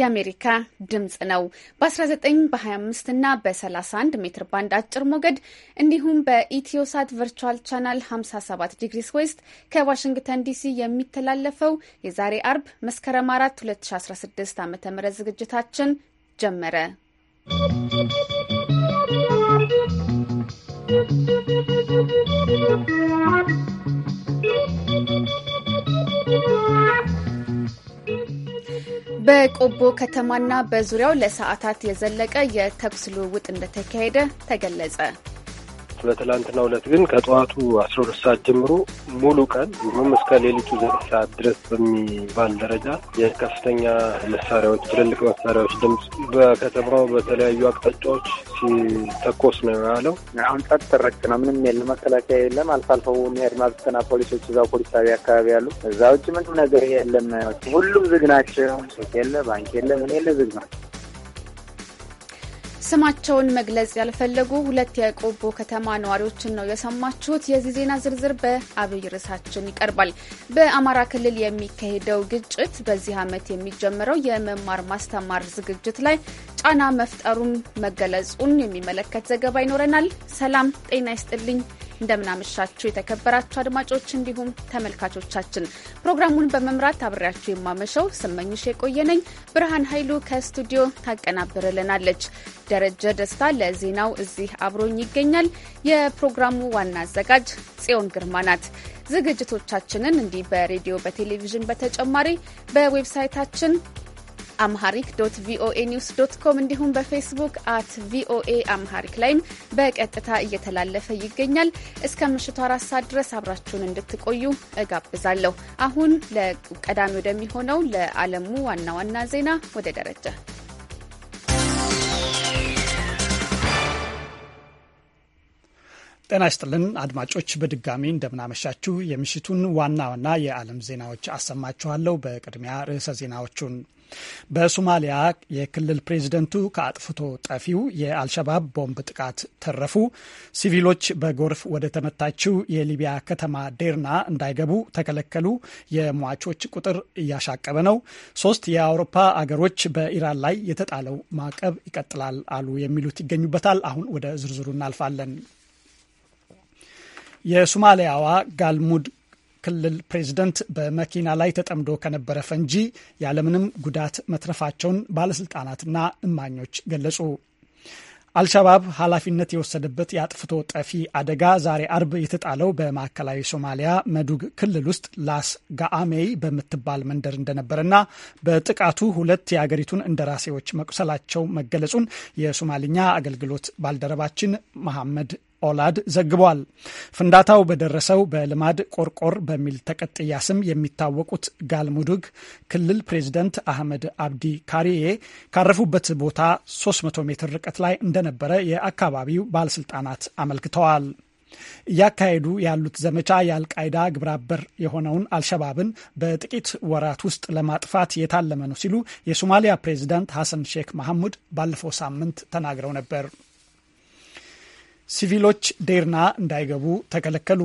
የአሜሪካ ድምፅ ነው። በ19 በ25 እና በ31 ሜትር ባንድ አጭር ሞገድ እንዲሁም በኢትዮሳት ቨርቹዋል ቻናል 57 ዲግሪስ ዌስት ከዋሽንግተን ዲሲ የሚተላለፈው የዛሬ አርብ መስከረም 4 2016 ዓ ም ዝግጅታችን ጀመረ። ¶¶ በቆቦ ከተማና በዙሪያው ለሰዓታት የዘለቀ የተኩስ ልውውጥ እንደተካሄደ ተገለጸ። በትላንትና ዕለት ግን ከጠዋቱ አስራ ሁለት ሰዓት ጀምሮ ሙሉ ቀን እንዲሁም እስከ ሌሊቱ ዘጠኝ ሰዓት ድረስ በሚባል ደረጃ የከፍተኛ መሳሪያዎች፣ ትልልቅ መሳሪያዎች ድምፅ በከተማው በተለያዩ አቅጣጫዎች ሲተኮስ ነው ያለው። አሁን ጸጥ ትረክ ነው፣ ምንም የለም፣ መከላከያ የለም። አልፎ አልፎ የሚሄድ ፖሊሶች እዛው ፖሊስ ጣቢያ አካባቢ ያሉ፣ እዛ ውጭ ምንም ነገር የለም። ሁሉም ዝግ ናቸው። የለ፣ ባንክ የለ፣ ምን የለ፣ ዝግ ናቸው። ስማቸውን መግለጽ ያልፈለጉ ሁለት የቆቦ ከተማ ነዋሪዎችን ነው የሰማችሁት። የዚህ ዜና ዝርዝር በአብይ ርዕሳችን ይቀርባል። በአማራ ክልል የሚካሄደው ግጭት በዚህ ዓመት የሚጀምረው የመማር ማስተማር ዝግጅት ላይ ጫና መፍጠሩን መገለጹን የሚመለከት ዘገባ ይኖረናል። ሰላም ጤና ይስጥልኝ። እንደምናመሻችሁ የተከበራችሁ አድማጮች እንዲሁም ተመልካቾቻችን፣ ፕሮግራሙን በመምራት አብሬያችሁ የማመሸው ስመኝሽ የቆየነኝ። ብርሃን ኃይሉ ከስቱዲዮ ታቀናብርልናለች። ደረጀ ደስታ ለዜናው እዚህ አብሮኝ ይገኛል። የፕሮግራሙ ዋና አዘጋጅ ጽዮን ግርማ ናት። ዝግጅቶቻችንን እንዲህ በሬዲዮ በቴሌቪዥን በተጨማሪ በዌብሳይታችን አምሃሪክ ዶት ቪኦኤ ኒውስ ዶት ኮም እንዲሁም በፌስቡክ አት ቪኦኤ አምሃሪክ ላይም በቀጥታ እየተላለፈ ይገኛል። እስከ ምሽቱ አራት ሰዓት ድረስ አብራችሁን እንድትቆዩ እጋብዛለሁ። አሁን ለቀዳሚ ወደሚሆነው ለዓለሙ ዋና ዋና ዜና ወደ ደረጃ ጤና ይስጥልን አድማጮች፣ በድጋሚ እንደምናመሻችሁ። የምሽቱን ዋና ዋና የዓለም ዜናዎች አሰማችኋለሁ። በቅድሚያ ርዕሰ ዜናዎቹን በሶማሊያ የክልል ፕሬዚደንቱ ከአጥፍቶ ጠፊው የአልሸባብ ቦምብ ጥቃት ተረፉ፣ ሲቪሎች በጎርፍ ወደ ተመታችው የሊቢያ ከተማ ዴርና እንዳይገቡ ተከለከሉ፣ የሟቾች ቁጥር እያሻቀበ ነው፣ ሶስት የአውሮፓ አገሮች በኢራን ላይ የተጣለው ማዕቀብ ይቀጥላል አሉ የሚሉት ይገኙበታል። አሁን ወደ ዝርዝሩ እናልፋለን። የሱማሊያዋ ጋልሙድ ክልል ፕሬዚደንት በመኪና ላይ ተጠምዶ ከነበረ ፈንጂ ያለምንም ጉዳት መትረፋቸውን ባለስልጣናትና እማኞች ገለጹ። አልሸባብ ኃላፊነት የወሰደበት የአጥፍቶ ጠፊ አደጋ ዛሬ አርብ የተጣለው በማዕከላዊ ሶማሊያ መዱግ ክልል ውስጥ ላስ ጋአሜይ በምትባል መንደር እንደነበረና በጥቃቱ ሁለት የአገሪቱን እንደራሴዎች መቁሰላቸው መገለጹን የሶማልኛ አገልግሎት ባልደረባችን መሐመድ ኦላድ ዘግቧል። ፍንዳታው በደረሰው በልማድ ቆርቆር በሚል ተቀጥያ ስም የሚታወቁት ጋልሙዱግ ክልል ፕሬዚደንት አህመድ አብዲ ካሪዬ ካረፉበት ቦታ 300 ሜትር ርቀት ላይ እንደነበረ የአካባቢው ባለስልጣናት አመልክተዋል። እያካሄዱ ያሉት ዘመቻ የአልቃይዳ ግብረአበር የሆነውን አልሸባብን በጥቂት ወራት ውስጥ ለማጥፋት የታለመ ነው ሲሉ የሶማሊያ ፕሬዚዳንት ሐሰን ሼክ መሐሙድ ባለፈው ሳምንት ተናግረው ነበር። ሲቪሎች ዴርና እንዳይገቡ ተከለከሉ።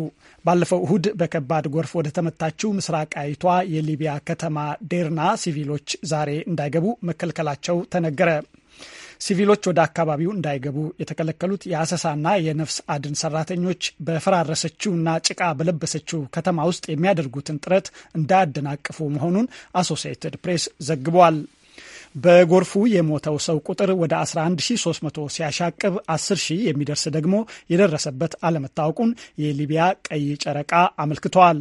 ባለፈው እሁድ በከባድ ጎርፍ ወደ ተመታችው ምስራቃዊቷ የሊቢያ ከተማ ዴርና ሲቪሎች ዛሬ እንዳይገቡ መከልከላቸው ተነገረ። ሲቪሎች ወደ አካባቢው እንዳይገቡ የተከለከሉት የአሰሳና የነፍስ አድን ሰራተኞች በፈራረሰችውና ጭቃ በለበሰችው ከተማ ውስጥ የሚያደርጉትን ጥረት እንዳያደናቅፉ መሆኑን አሶሲኤትድ ፕሬስ ዘግቧል። በጎርፉ የሞተው ሰው ቁጥር ወደ 11300 ሲያሻቅብ 10 ሺህ የሚደርስ ደግሞ የደረሰበት አለመታወቁን የሊቢያ ቀይ ጨረቃ አመልክተዋል።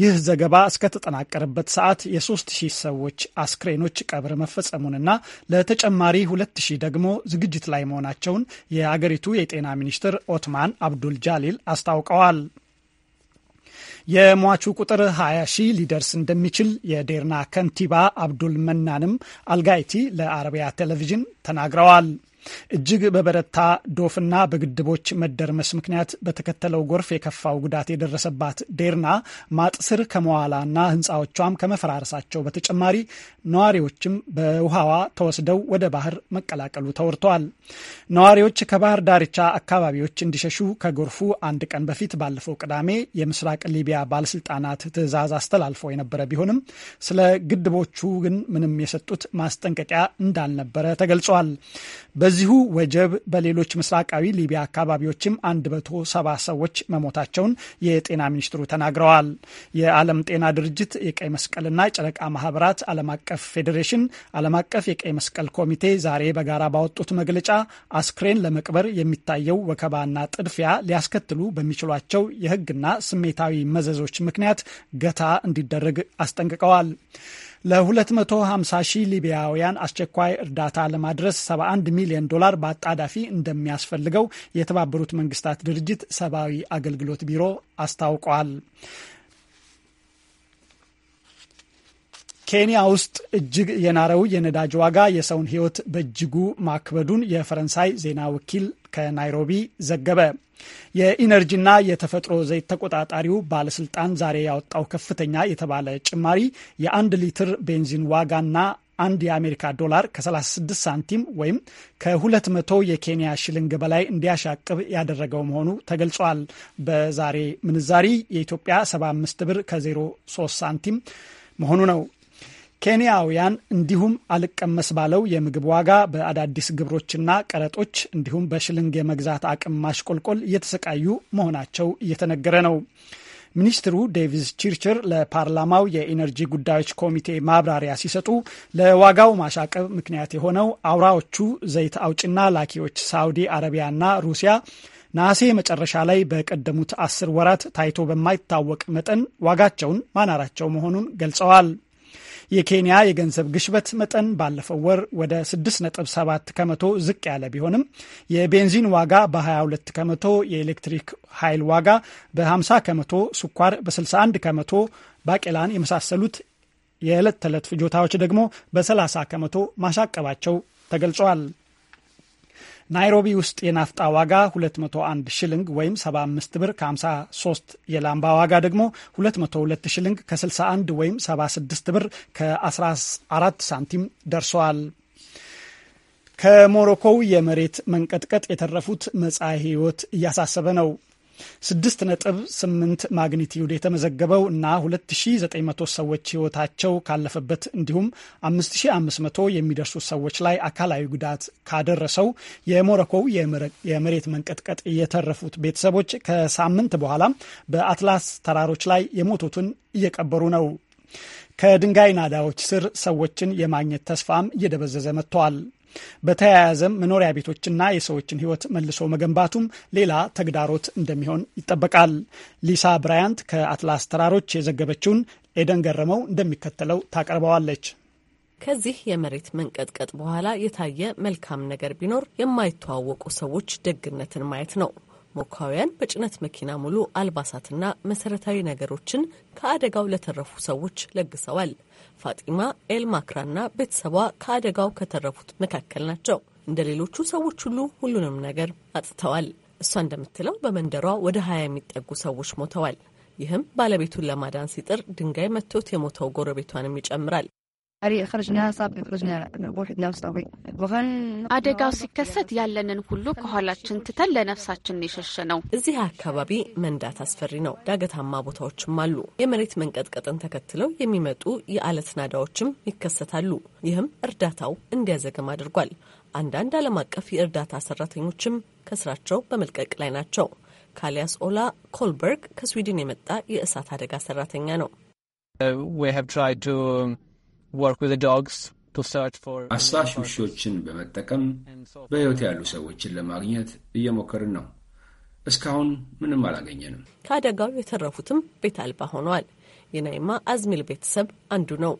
ይህ ዘገባ እስከተጠናቀረበት ሰዓት የ3000 ሰዎች አስክሬኖች ቀብር መፈጸሙንና ለተጨማሪ 2000 ደግሞ ዝግጅት ላይ መሆናቸውን የአገሪቱ የጤና ሚኒስትር ኦትማን አብዱል ጃሊል አስታውቀዋል። የሟቹ ቁጥር 20 ሺህ ሊደርስ እንደሚችል የዴርና ከንቲባ አብዱል መናንም አልጋይቲ ለአረቢያ ቴሌቪዥን ተናግረዋል። እጅግ በበረታ ዶፍና በግድቦች መደርመስ ምክንያት በተከተለው ጎርፍ የከፋው ጉዳት የደረሰባት ዴርና ማጥ ስር ከመዋላና ህንፃዎቿም ከመፈራረሳቸው በተጨማሪ ነዋሪዎችም በውሃዋ ተወስደው ወደ ባህር መቀላቀሉ ተወርተዋል። ነዋሪዎች ከባህር ዳርቻ አካባቢዎች እንዲሸሹ ከጎርፉ አንድ ቀን በፊት ባለፈው ቅዳሜ የምስራቅ ሊቢያ ባለስልጣናት ትዕዛዝ አስተላልፈው የነበረ ቢሆንም ስለ ግድቦቹ ግን ምንም የሰጡት ማስጠንቀቂያ እንዳልነበረ ተገልጿል። በዚሁ ወጀብ በሌሎች ምስራቃዊ ሊቢያ አካባቢዎችም ሰባ ሰዎች መሞታቸውን የጤና ሚኒስትሩ ተናግረዋል። የዓለም ጤና ድርጅት፣ የቀይ መስቀልና የጨረቃ ማህበራት ዓለም አቀፍ ፌዴሬሽን፣ ዓለም አቀፍ የቀይ መስቀል ኮሚቴ ዛሬ በጋራ ባወጡት መግለጫ አስክሬን ለመቅበር የሚታየው ወከባና ጥድፊያ ሊያስከትሉ በሚችሏቸው የህግና ስሜታዊ መዘዞች ምክንያት ገታ እንዲደረግ አስጠንቅቀዋል። ለ250 ሺህ ሊቢያውያን አስቸኳይ እርዳታ ለማድረስ 71 ሚሊዮን ዶላር በአጣዳፊ እንደሚያስፈልገው የተባበሩት መንግስታት ድርጅት ሰብአዊ አገልግሎት ቢሮ አስታውቋል። ኬንያ ውስጥ እጅግ የናረው የነዳጅ ዋጋ የሰውን ሕይወት በእጅጉ ማክበዱን የፈረንሳይ ዜና ወኪል ከናይሮቢ ዘገበ። የኢነርጂና የተፈጥሮ ዘይት ተቆጣጣሪው ባለስልጣን ዛሬ ያወጣው ከፍተኛ የተባለ ጭማሪ የአንድ ሊትር ቤንዚን ዋጋና አንድ የአሜሪካ ዶላር ከ36 ሳንቲም ወይም ከ200 የኬንያ ሽልንግ በላይ እንዲያሻቅብ ያደረገው መሆኑ ተገልጿል። በዛሬ ምንዛሪ የኢትዮጵያ 75 ብር ከ03 ሳንቲም መሆኑ ነው። ኬንያውያን እንዲሁም አልቀመስ ባለው የምግብ ዋጋ በአዳዲስ ግብሮችና ቀረጦች እንዲሁም በሽልንግ የመግዛት አቅም ማሽቆልቆል እየተሰቃዩ መሆናቸው እየተነገረ ነው። ሚኒስትሩ ዴቪስ ቺርችር ለፓርላማው የኢነርጂ ጉዳዮች ኮሚቴ ማብራሪያ ሲሰጡ ለዋጋው ማሻቀብ ምክንያት የሆነው አውራዎቹ ዘይት አውጭና ላኪዎች ሳውዲ አረቢያና ሩሲያ ነሐሴ መጨረሻ ላይ በቀደሙት አስር ወራት ታይቶ በማይታወቅ መጠን ዋጋቸውን ማናራቸው መሆኑን ገልጸዋል። የኬንያ የገንዘብ ግሽበት መጠን ባለፈው ወር ወደ 6.7 ከመቶ ዝቅ ያለ ቢሆንም የቤንዚን ዋጋ በ22 ከመቶ፣ የኤሌክትሪክ ኃይል ዋጋ በ50 ከመቶ፣ ስኳር በ61 ከመቶ፣ ባቄላን የመሳሰሉት የዕለት ተዕለት ፍጆታዎች ደግሞ በ30 ከመቶ ማሻቀባቸው ተገልጸዋል። ናይሮቢ ውስጥ የናፍጣ ዋጋ 201 ሽልንግ ወይም 75 ብር ከ53 የላምባ ዋጋ ደግሞ 202 ሽልንግ ከ61 ወይም 76 ብር ከ14 ሳንቲም ደርሰዋል። ከሞሮኮው የመሬት መንቀጥቀጥ የተረፉት መጻኢ ሕይወት እያሳሰበ ነው። ስድስት ነጥብ ስምንት ማግኒቲዩድ የተመዘገበው እና 2900 ሰዎች ህይወታቸው ካለፈበት እንዲሁም 5500 የሚደርሱ ሰዎች ላይ አካላዊ ጉዳት ካደረሰው የሞሮኮው የመሬት መንቀጥቀጥ የተረፉት ቤተሰቦች ከሳምንት በኋላ በአትላስ ተራሮች ላይ የሞቱትን እየቀበሩ ነው። ከድንጋይ ናዳዎች ስር ሰዎችን የማግኘት ተስፋም እየደበዘዘ መጥተዋል። በተያያዘም መኖሪያ ቤቶችና የሰዎችን ህይወት መልሶ መገንባቱም ሌላ ተግዳሮት እንደሚሆን ይጠበቃል። ሊሳ ብራያንት ከአትላስ ተራሮች የዘገበችውን ኤደን ገረመው እንደሚከተለው ታቀርበዋለች። ከዚህ የመሬት መንቀጥቀጥ በኋላ የታየ መልካም ነገር ቢኖር የማይተዋወቁ ሰዎች ደግነትን ማየት ነው። ሞካውያን በጭነት መኪና ሙሉ አልባሳትና መሰረታዊ ነገሮችን ከአደጋው ለተረፉ ሰዎች ለግሰዋል። ፋጢማ ኤልማክራና ቤተሰቧ ከአደጋው ከተረፉት መካከል ናቸው። እንደ ሌሎቹ ሰዎች ሁሉ ሁሉንም ነገር አጥተዋል። እሷ እንደምትለው በመንደሯ ወደ ሀያ የሚጠጉ ሰዎች ሞተዋል። ይህም ባለቤቱን ለማዳን ሲጥር ድንጋይ መቶት የሞተው ጎረቤቷንም ይጨምራል። አደጋው ሲከሰት ያለንን ሁሉ ከኋላችን ትተን ለነፍሳችን የሸሸ ነው። እዚህ አካባቢ መንዳት አስፈሪ ነው። ዳገታማ ቦታዎችም አሉ። የመሬት መንቀጥቀጥን ተከትለው የሚመጡ የአለት ናዳዎችም ይከሰታሉ። ይህም እርዳታው እንዲያዘግም አድርጓል። አንዳንድ ዓለም አቀፍ የእርዳታ ሰራተኞችም ከስራቸው በመልቀቅ ላይ ናቸው። ካሊያስ ኦላ ኮልበርግ ከስዊድን የመጣ የእሳት አደጋ ሰራተኛ ነው። uh, አሳሽ ውሾችን በመጠቀም በሕይወት ያሉ ሰዎችን ለማግኘት እየሞከርን ነው። እስካሁን ምንም አላገኘንም። ከአደጋው የተረፉትም ቤት አልባ ሆነዋል። የናይማ አዝሚል ቤተሰብ አንዱ ነው።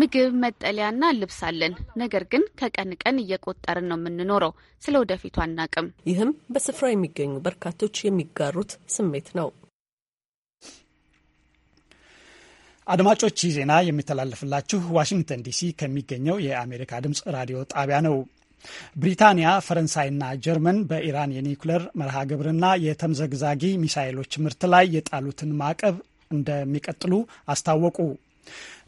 ምግብ፣ መጠለያና ልብስ አለን። ነገር ግን ከቀን ቀን እየቆጠርን ነው የምንኖረው። ስለ ወደፊቱ አናቅም። ይህም በስፍራ የሚገኙ በርካቶች የሚጋሩት ስሜት ነው። አድማጮች ይህ ዜና የሚተላለፍላችሁ ዋሽንግተን ዲሲ ከሚገኘው የአሜሪካ ድምፅ ራዲዮ ጣቢያ ነው። ብሪታንያ፣ ፈረንሳይና ጀርመን በኢራን የኒውክለር መርሃ ግብርና የተምዘግዛጊ ሚሳይሎች ምርት ላይ የጣሉትን ማዕቀብ እንደሚቀጥሉ አስታወቁ።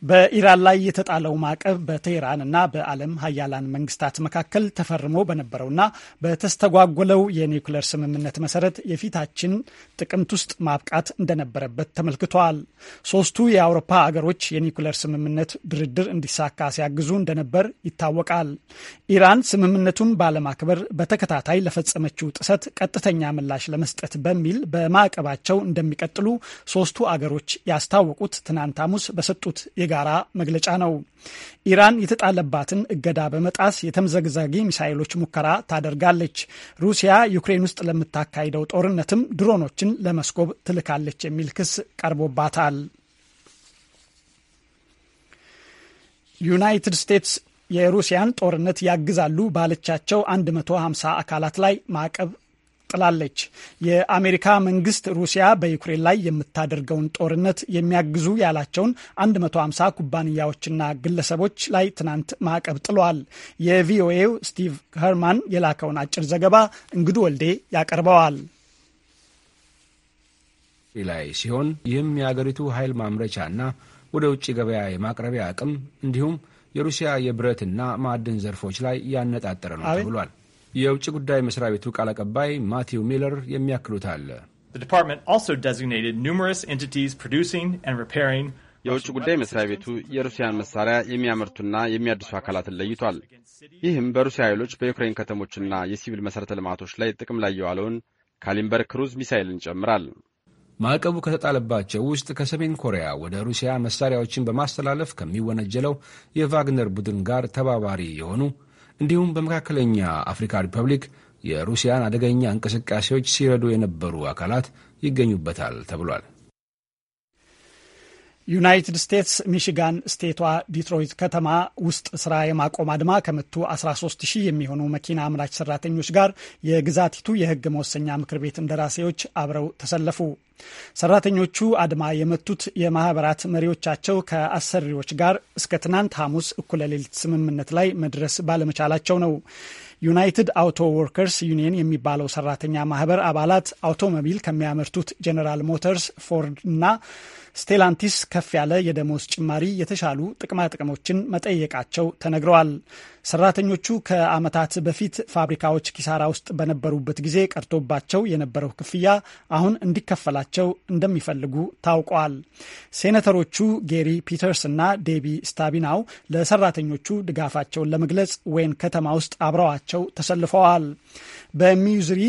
በኢራን ላይ የተጣለው ማዕቀብ በቴህራን እና በዓለም ሀያላን መንግስታት መካከል ተፈርሞ በነበረውና በተስተጓጎለው የኒውክሌር ስምምነት መሰረት የፊታችን ጥቅምት ውስጥ ማብቃት እንደነበረበት ተመልክቷል። ሶስቱ የአውሮፓ አገሮች የኒውክሌር ስምምነት ድርድር እንዲሳካ ሲያግዙ እንደነበር ይታወቃል። ኢራን ስምምነቱን ባለማክበር በተከታታይ ለፈጸመችው ጥሰት ቀጥተኛ ምላሽ ለመስጠት በሚል በማዕቀባቸው እንደሚቀጥሉ ሶስቱ አገሮች ያስታወቁት ትናንት ሐሙስ በሰጡት የጋራ መግለጫ ነው። ኢራን የተጣለባትን እገዳ በመጣስ የተምዘግዛጊ ሚሳይሎች ሙከራ ታደርጋለች። ሩሲያ ዩክሬን ውስጥ ለምታካሂደው ጦርነትም ድሮኖችን ለመስኮብ ትልካለች የሚል ክስ ቀርቦባታል። ዩናይትድ ስቴትስ የሩሲያን ጦርነት ያግዛሉ ባለቻቸው 150 አካላት ላይ ማዕቀብ ጥላለች። የአሜሪካ መንግስት ሩሲያ በዩክሬን ላይ የምታደርገውን ጦርነት የሚያግዙ ያላቸውን 150 ኩባንያዎችና ግለሰቦች ላይ ትናንት ማዕቀብ ጥሏል። የቪኦኤው ስቲቭ ከርማን የላከውን አጭር ዘገባ እንግዱ ወልዴ ያቀርበዋል ላይ ሲሆን ይህም የአገሪቱ ኃይል ማምረቻና ወደ ውጭ ገበያ የማቅረቢያ አቅም እንዲሁም የሩሲያ የብረትና ማዕድን ዘርፎች ላይ ያነጣጠረ ነው ተብሏል። የውጭ ጉዳይ መስሪያ ቤቱ ቃል አቀባይ ማቲው ሚለር የሚያክሉት አለ። የውጭ ጉዳይ መስሪያ ቤቱ የሩሲያን መሳሪያ የሚያመርቱና የሚያድሱ አካላትን ለይቷል። ይህም በሩሲያ ኃይሎች በዩክሬን ከተሞችና የሲቪል መሠረተ ልማቶች ላይ ጥቅም ላይ የዋለውን ካሊምበር ክሩዝ ሚሳይልን ይጨምራል። ማዕቀቡ ከተጣለባቸው ውስጥ ከሰሜን ኮሪያ ወደ ሩሲያ መሳሪያዎችን በማስተላለፍ ከሚወነጀለው የቫግነር ቡድን ጋር ተባባሪ የሆኑ እንዲሁም በመካከለኛ አፍሪካ ሪፐብሊክ የሩሲያን አደገኛ እንቅስቃሴዎች ሲረዱ የነበሩ አካላት ይገኙበታል ተብሏል። ዩናይትድ ስቴትስ ሚሽጋን ስቴቷ ዲትሮይት ከተማ ውስጥ ስራ የማቆም አድማ ከመቱ 13 ሺህ የሚሆኑ መኪና አምራች ሰራተኞች ጋር የግዛቲቱ የህግ መወሰኛ ምክር ቤት እንደራሴዎች አብረው ተሰለፉ። ሰራተኞቹ አድማ የመቱት የማህበራት መሪዎቻቸው ከአሰሪዎች ጋር እስከ ትናንት ሐሙስ እኩለ ሌሊት ስምምነት ላይ መድረስ ባለመቻላቸው ነው። ዩናይትድ አውቶ ወርከርስ ዩኒየን የሚባለው ሰራተኛ ማህበር አባላት አውቶሞቢል ከሚያመርቱት ጄኔራል ሞተርስ፣ ፎርድ እና ስቴላንቲስ ከፍ ያለ የደሞዝ ጭማሪ፣ የተሻሉ ጥቅማጥቅሞችን መጠየቃቸው ተነግረዋል። ሰራተኞቹ ከዓመታት በፊት ፋብሪካዎች ኪሳራ ውስጥ በነበሩበት ጊዜ ቀርቶባቸው የነበረው ክፍያ አሁን እንዲከፈላቸው እንደሚፈልጉ ታውቋል። ሴኔተሮቹ ጌሪ ፒተርስ እና ዴቢ ስታቢናው ለሰራተኞቹ ድጋፋቸውን ለመግለጽ ወይን ከተማ ውስጥ አብረዋቸው ተሰልፈዋል። በሚዙሪ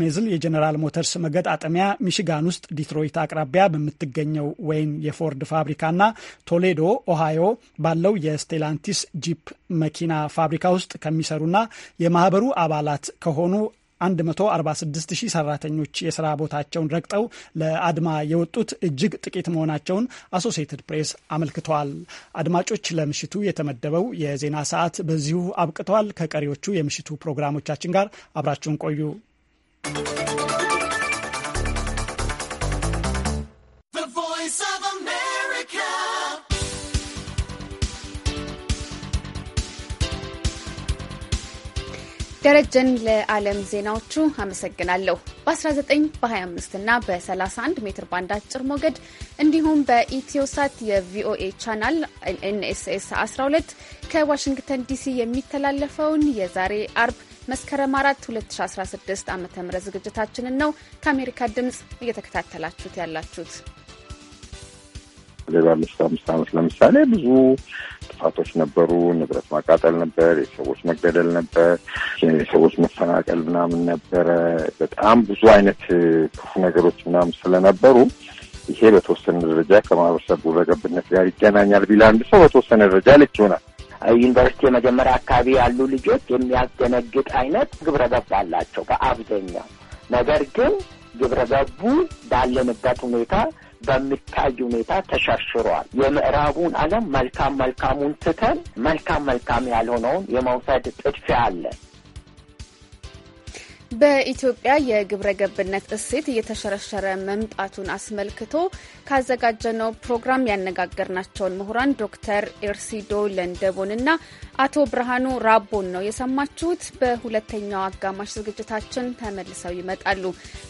ሜዝል የጀነራል ሞተርስ መገጣጠሚያ ሚሽጋን ውስጥ ዲትሮይት አቅራቢያ በምትገኘው ወይን የፎርድ ፋብሪካና ቶሌዶ ኦሃዮ ባለው የስቴላንቲስ ጂፕ መኪና ፋብሪካ ውስጥ ከሚሰሩና የማህበሩ አባላት ከሆኑ 146,000 ሰራተኞች የስራ ቦታቸውን ረግጠው ለአድማ የወጡት እጅግ ጥቂት መሆናቸውን አሶሲየትድ ፕሬስ አመልክተዋል። አድማጮች፣ ለምሽቱ የተመደበው የዜና ሰዓት በዚሁ አብቅተዋል። ከቀሪዎቹ የምሽቱ ፕሮግራሞቻችን ጋር አብራችሁን ቆዩ። ደረጀን ለዓለም ዜናዎቹ አመሰግናለሁ። በ19 በ25 እና በ31 ሜትር ባንድ አጭር ሞገድ እንዲሁም በኢትዮሳት የቪኦኤ ቻናል ኤንኤስኤስ 12 ከዋሽንግተን ዲሲ የሚተላለፈውን የዛሬ አርብ መስከረም 4 2016 ዓ ም ዝግጅታችንን ነው ከአሜሪካ ድምፅ እየተከታተላችሁት ያላችሁት። አምስት አምስት ዓመት ለምሳሌ ብዙ ጥፋቶች ነበሩ። ንብረት ማቃጠል ነበር፣ የሰዎች መገደል ነበር፣ የሰዎች መፈናቀል ምናምን ነበረ። በጣም ብዙ አይነት ክፉ ነገሮች ምናምን ስለነበሩ ይሄ በተወሰነ ደረጃ ከማህበረሰብ ግብረገብነት ጋር ይገናኛል ቢል አንድ ሰው በተወሰነ ደረጃ ልክ ይሆናል። ዩኒቨርሲቲ የመጀመሪያ አካባቢ ያሉ ልጆች የሚያስደነግጥ አይነት ግብረ ገብ አላቸው በአብዛኛው ነገር ግን ግብረ ገቡ ባለንበት ሁኔታ በሚታይ ሁኔታ ተሸርሽሯል። የምዕራቡን ዓለም መልካም መልካሙን ትተን መልካም መልካም ያልሆነውን የመውሰድ ጥድፊያ አለ። በኢትዮጵያ የግብረ ገብነት እሴት እየተሸረሸረ መምጣቱን አስመልክቶ ካዘጋጀነው ፕሮግራም ያነጋገርናቸውን ምሁራን ዶክተር ኤርሲዶ ለንደቦንና አቶ ብርሃኑ ራቦን ነው የሰማችሁት። በሁለተኛው አጋማሽ ዝግጅታችን ተመልሰው ይመጣሉ።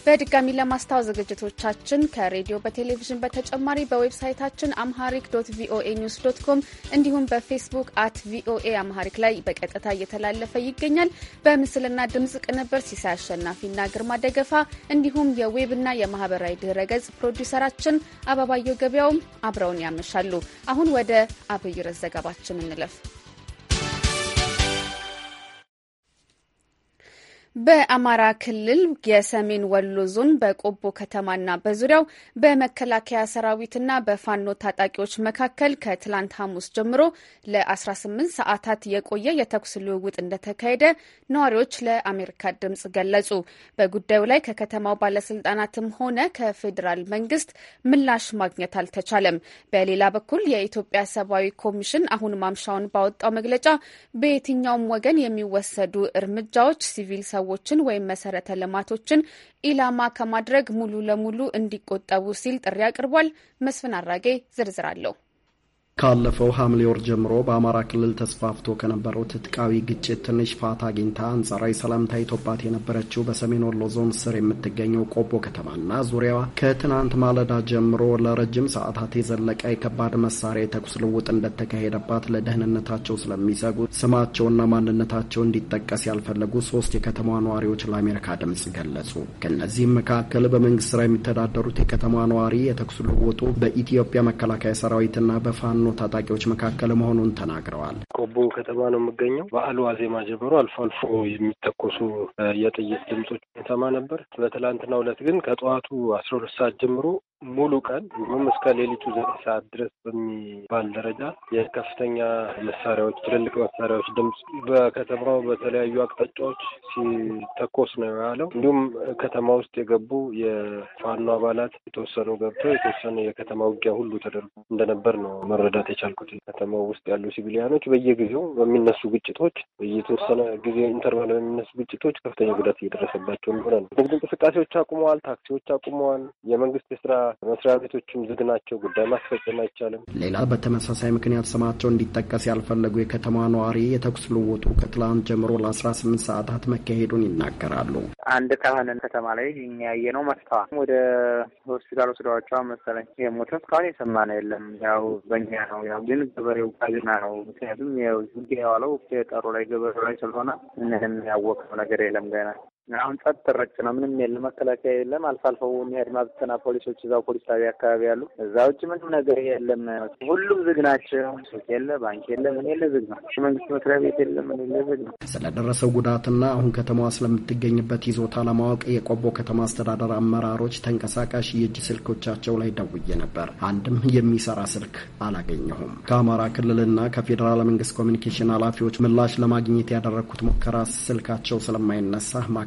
በድጋሚ ለማስታወስ ዝግጅቶቻችን ከሬዲዮ በቴሌቪዥን በተጨማሪ በዌብሳይታችን አምሃሪክ ዶት ቪኦኤ ኒውስ ዶት ኮም እንዲሁም በፌስቡክ አት ቪኦኤ አምሃሪክ ላይ በቀጥታ እየተላለፈ ይገኛል። በምስልና ድምጽ ቅንብር ሲሰ ሲሳይ አሸናፊና ግርማ ደገፋ እንዲሁም የዌብና የማህበራዊ ድህረ ገጽ ፕሮዲውሰራችን አበባየው ገበያውም አብረውን ያመሻሉ። አሁን ወደ አብይ ርዕስ ዘገባችን እንለፍ። በአማራ ክልል የሰሜን ወሎ ዞን በቆቦ ከተማና በዙሪያው በመከላከያ ሰራዊትና በፋኖ ታጣቂዎች መካከል ከትላንት ሐሙስ ጀምሮ ለ18 ሰዓታት የቆየ የተኩስ ልውውጥ እንደተካሄደ ነዋሪዎች ለአሜሪካ ድምጽ ገለጹ። በጉዳዩ ላይ ከከተማው ባለስልጣናትም ሆነ ከፌዴራል መንግስት ምላሽ ማግኘት አልተቻለም። በሌላ በኩል የኢትዮጵያ ሰብአዊ ኮሚሽን አሁን ማምሻውን ባወጣው መግለጫ በየትኛውም ወገን የሚወሰዱ እርምጃዎች ሲቪል ሰ ሰዎችን ወይም መሰረተ ልማቶችን ኢላማ ከማድረግ ሙሉ ለሙሉ እንዲቆጠቡ ሲል ጥሪ አቅርቧል። መስፍን አራጌ ዝርዝር አለው። ካለፈው ሐምሌ ወር ጀምሮ በአማራ ክልል ተስፋፍቶ ከነበረው ትጥቃዊ ግጭት ትንሽ ፋታ አግኝታ አንጻራዊ ሰላም ታይቶባት የነበረችው በሰሜን ወሎ ዞን ስር የምትገኘው ቆቦ ከተማና ዙሪያዋ ከትናንት ማለዳ ጀምሮ ለረጅም ሰዓታት የዘለቀ የከባድ መሳሪያ የተኩስ ልውጥ እንደተካሄደባት ለደህንነታቸው ስለሚሰጉ ስማቸውና ማንነታቸው እንዲጠቀስ ያልፈለጉ ሶስት የከተማዋ ነዋሪዎች ለአሜሪካ ድምጽ ገለጹ። ከእነዚህም መካከል በመንግስት ስራ የሚተዳደሩት የከተማ ነዋሪ የተኩስ ልውጡ በኢትዮጵያ መከላከያ ሰራዊትና በፋኖ ከፋኖ ታጣቂዎች መካከል መሆኑን ተናግረዋል። ቆቦ ከተማ ነው የምገኘው። በዓሉ ዋዜማ ጀምሮ አልፎ አልፎ የሚተኮሱ የጥይት ድምጾች ሰማ ነበር። በትላንትና ሁለት ግን ከጠዋቱ አስራ ሁለት ሰዓት ጀምሮ ሙሉ ቀን እንዲሁም እስከ ሌሊቱ ዘጠኝ ሰዓት ድረስ በሚባል ደረጃ የከፍተኛ መሳሪያዎች፣ ትልልቅ መሳሪያዎች ድምፅ በከተማው በተለያዩ አቅጣጫዎች ሲተኮስ ነው ያለው። እንዲሁም ከተማ ውስጥ የገቡ የፋኖ አባላት የተወሰኑ ገብተው የተወሰነ የከተማ ውጊያ ሁሉ ተደርጎ እንደነበር ነው መረዳት የቻልኩት። ከተማው ውስጥ ያሉ ሲቪሊያኖች በየጊዜው በሚነሱ ግጭቶች፣ በየተወሰነ ጊዜ ኢንተርቫል በሚነሱ ግጭቶች ከፍተኛ ጉዳት እየደረሰባቸው እንደሆነ ነው። ንግድ እንቅስቃሴዎች አቁመዋል። ታክሲዎች አቁመዋል። የመንግስት የስራ መስሪያ ቤቶችም ዝግ ናቸው። ጉዳይ ማስፈጸም አይቻልም። ሌላ በተመሳሳይ ምክንያት ስማቸው እንዲጠቀስ ያልፈለጉ የከተማ ነዋሪ የተኩስ ልውጡ ከትላንት ጀምሮ ለአስራ ስምንት ሰዓታት መካሄዱን ይናገራሉ። አንድ ካህንን ከተማ ላይ እኛ ነው መጥተዋል። ወደ ሆስፒታል ወስደዋቸዋል መሰለኝ። የሞተው እስካሁን ነው የለም። ያው በእኛ ነው። ያው ግን ገበሬው ጋዜና ነው። ምክንያቱም ያው ዝግ የዋለው የጠሩ ላይ ገበሬው ላይ ስለሆነ ምንም ያወቀው ነገር የለም ገና አሁን ጸጥ ረጭ ነው። ምንም የለም፣ መከላከያ የለም። አልፎ አልፎ የሚሄድ ማብተና ፖሊሶች እዛው ፖሊስ ጣቢያ አካባቢ ያሉ፣ እዛ ውጭ ምንም ነገር የለም። ሁሉም ዝግ ናቸው። ሱቅ የለ፣ ባንክ የለ፣ ምን የለ፣ ዝግ ነው። መንግስት መስሪያ ቤት የለ፣ ምን የለ፣ ዝግ ነው። ስለደረሰው ጉዳትና አሁን ከተማዋ ስለምትገኝበት ይዞታ ለማወቅ የቆቦ ከተማ አስተዳደር አመራሮች ተንቀሳቃሽ የእጅ ስልኮቻቸው ላይ ደውዬ ነበር። አንድም የሚሰራ ስልክ አላገኘሁም። ከአማራ ክልልና ከፌዴራል መንግስት ኮሚኒኬሽን ኃላፊዎች ምላሽ ለማግኘት ያደረግኩት ሙከራ ስልካቸው ስለማይነሳ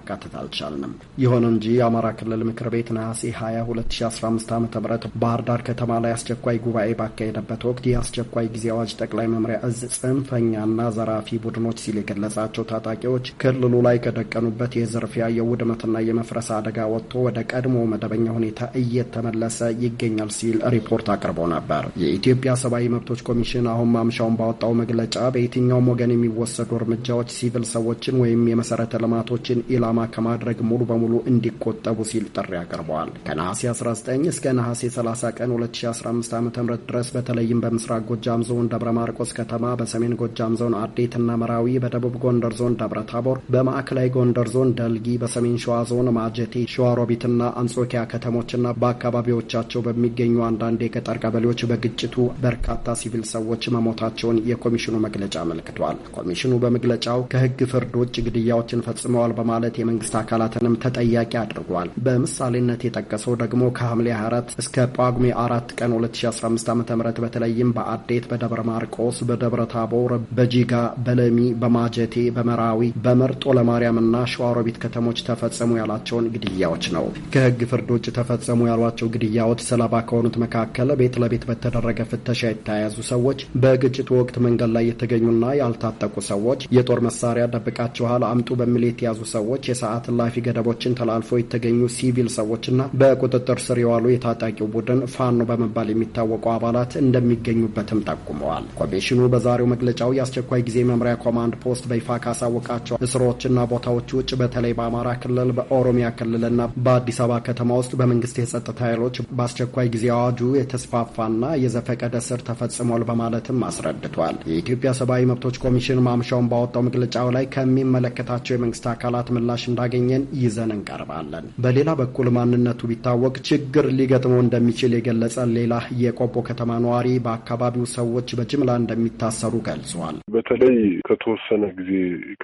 ማካተት አልቻልንም። ይሁን እንጂ የአማራ ክልል ምክር ቤት ነሐሴ 22 2015 ዓ ም ባህር ዳር ከተማ ላይ አስቸኳይ ጉባኤ ባካሄደበት ወቅት የአስቸኳይ ጊዜ አዋጅ ጠቅላይ መምሪያ እዝ ጽንፈኛና ዘራፊ ቡድኖች ሲል የገለጻቸው ታጣቂዎች ክልሉ ላይ ከደቀኑበት የዝርፊያ የውድመትና የመፍረስ አደጋ ወጥቶ ወደ ቀድሞ መደበኛ ሁኔታ እየተመለሰ ይገኛል ሲል ሪፖርት አቅርቦ ነበር። የኢትዮጵያ ሰብአዊ መብቶች ኮሚሽን አሁን ማምሻውን ባወጣው መግለጫ በየትኛውም ወገን የሚወሰዱ እርምጃዎች ሲቪል ሰዎችን ወይም የመሰረተ ልማቶችን ኢላማ ኢላማ ከማድረግ ሙሉ በሙሉ እንዲቆጠቡ ሲል ጥሪ አቅርበዋል። ከነሐሴ 19 እስከ ነሐሴ 30 ቀን 2015 ዓ ም ድረስ በተለይም በምስራቅ ጎጃም ዞን ደብረ ማርቆስ ከተማ፣ በሰሜን ጎጃም ዞን አዴትና መራዊ፣ በደቡብ ጎንደር ዞን ደብረ ታቦር፣ በማዕከላዊ ጎንደር ዞን ደልጊ፣ በሰሜን ሸዋ ዞን ማጀቴ፣ ሸዋሮቢትና አንጾኪያ ከተሞችና በአካባቢዎቻቸው በሚገኙ አንዳንድ የገጠር ቀበሌዎች በግጭቱ በርካታ ሲቪል ሰዎች መሞታቸውን የኮሚሽኑ መግለጫ አመልክቷል። ኮሚሽኑ በመግለጫው ከህግ ፍርድ ውጭ ግድያዎችን ፈጽመዋል በማለት የመንግስት አካላትንም ተጠያቂ አድርጓል። በምሳሌነት የጠቀሰው ደግሞ ከሐምሌ 4 እስከ ጳጉሜ 4 ቀን 2015 ዓ ም በተለይም በአዴት፣ በደብረ ማርቆስ፣ በደብረ ታቦር፣ በጂጋ፣ በለሚ፣ በማጀቴ፣ በመራዊ፣ በመርጦ ለማርያምና ሸዋሮቢት ከተሞች ተፈጸሙ ያላቸውን ግድያዎች ነው። ከህግ ፍርድ ውጭ ተፈጸሙ ያሏቸው ግድያዎች ሰለባ ከሆኑት መካከል ቤት ለቤት በተደረገ ፍተሻ የተያያዙ ሰዎች፣ በግጭቱ ወቅት መንገድ ላይ የተገኙና ያልታጠቁ ሰዎች፣ የጦር መሳሪያ ደብቃችኋል አምጡ በሚል የተያዙ ሰዎች የሰዓት እላፊ ገደቦችን ተላልፎ የተገኙ ሲቪል ሰዎችና በቁጥጥር ስር የዋሉ የታጣቂው ቡድን ፋኖ በመባል የሚታወቁ አባላት እንደሚገኙበትም ጠቁመዋል። ኮሚሽኑ በዛሬው መግለጫው የአስቸኳይ ጊዜ መምሪያ ኮማንድ ፖስት በይፋ ካሳወቃቸው እስሮችና ቦታዎች ውጭ በተለይ በአማራ ክልል፣ በኦሮሚያ ክልልና በአዲስ አበባ ከተማ ውስጥ በመንግስት የጸጥታ ኃይሎች በአስቸኳይ ጊዜ አዋጁ የተስፋፋና የዘፈቀደ ስር ተፈጽሟል በማለትም አስረድቷል። የኢትዮጵያ ሰብአዊ መብቶች ኮሚሽን ማምሻውን ባወጣው መግለጫው ላይ ከሚመለከታቸው የመንግስት አካላት ምላሽ እንዳገኘን ይዘን እንቀርባለን። በሌላ በኩል ማንነቱ ቢታወቅ ችግር ሊገጥመው እንደሚችል የገለጸ ሌላ የቆቦ ከተማ ነዋሪ በአካባቢው ሰዎች በጅምላ እንደሚታሰሩ ገልጿል። በተለይ ከተወሰነ ጊዜ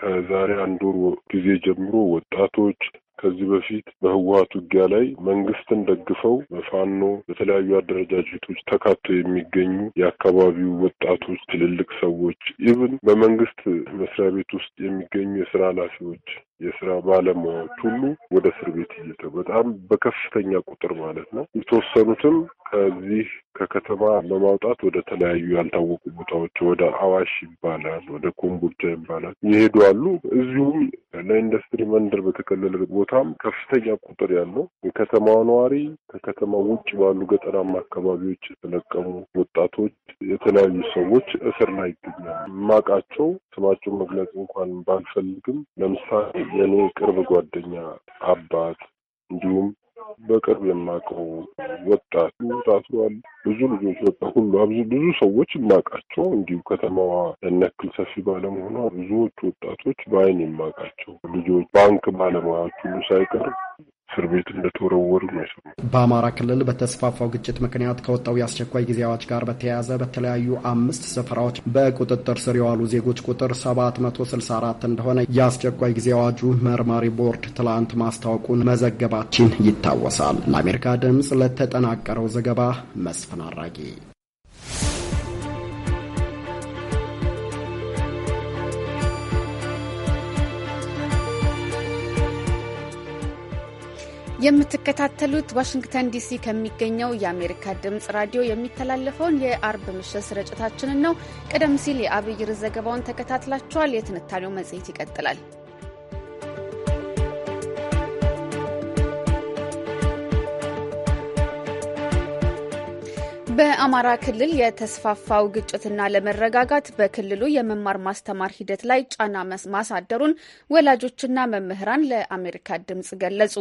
ከዛሬ አንድ ወር ጊዜ ጀምሮ ወጣቶች ከዚህ በፊት በህወሀት ውጊያ ላይ መንግስትን ደግፈው በፋኖ በተለያዩ አደረጃጀቶች ተካተው የሚገኙ የአካባቢው ወጣቶች፣ ትልልቅ ሰዎች፣ ኢብን በመንግስት መስሪያ ቤት ውስጥ የሚገኙ የስራ ኃላፊዎች የስራ ባለሙያዎች ሁሉ ወደ እስር ቤት እየተ በጣም በከፍተኛ ቁጥር ማለት ነው። የተወሰኑትም ከዚህ ከከተማ በማውጣት ወደ ተለያዩ ያልታወቁ ቦታዎች ወደ አዋሽ ይባላል፣ ወደ ኮምቦልቻ ይባላል ይሄዱ አሉ። እዚሁም ለኢንዱስትሪ መንደር በተከለለ ቦታም ከፍተኛ ቁጥር ያለው የከተማ ነዋሪ ከከተማ ውጭ ባሉ ገጠራማ አካባቢዎች የተለቀሙ ወጣቶች፣ የተለያዩ ሰዎች እስር ላይ ይገኛሉ። የማውቃቸው ስማቸውን መግለጽ እንኳን ባልፈልግም ለምሳሌ የኔ ቅርብ ጓደኛ አባት፣ እንዲሁም በቅርብ የማውቀው ወጣት ታስሯል። ብዙ ልጆች በቃ ሁሉ አብዙ ብዙ ሰዎች የማውቃቸው እንዲሁ ከተማዋ ለነክል ሰፊ ባለመሆኗ ብዙዎቹ ወጣቶች በአይን የማውቃቸው ልጆች ባንክ ባለሙያዎች ሁሉ ሳይቀር እስር ቤት እንደተወረወሩ ነው የሰማው። በአማራ ክልል በተስፋፋው ግጭት ምክንያት ከወጣው የአስቸኳይ ጊዜ አዋጅ ጋር በተያያዘ በተለያዩ አምስት ስፍራዎች በቁጥጥር ስር የዋሉ ዜጎች ቁጥር 764 እንደሆነ የአስቸኳይ ጊዜ አዋጁ መርማሪ ቦርድ ትላንት ማስታወቁን መዘገባችን ይታወሳል። ለአሜሪካ ድምፅ ለተጠናቀረው ዘገባ መስፍን አራጌ የምትከታተሉት ዋሽንግተን ዲሲ ከሚገኘው የአሜሪካ ድምፅ ራዲዮ የሚተላለፈውን የአርብ ምሽት ስርጭታችንን ነው። ቀደም ሲል የአብይር ዘገባውን ተከታትላችኋል። የትንታኔው መጽሔት ይቀጥላል። በአማራ ክልል የተስፋፋው ግጭትና ለመረጋጋት በክልሉ የመማር ማስተማር ሂደት ላይ ጫና ማሳደሩን ወላጆችና መምህራን ለአሜሪካ ድምጽ ገለጹ።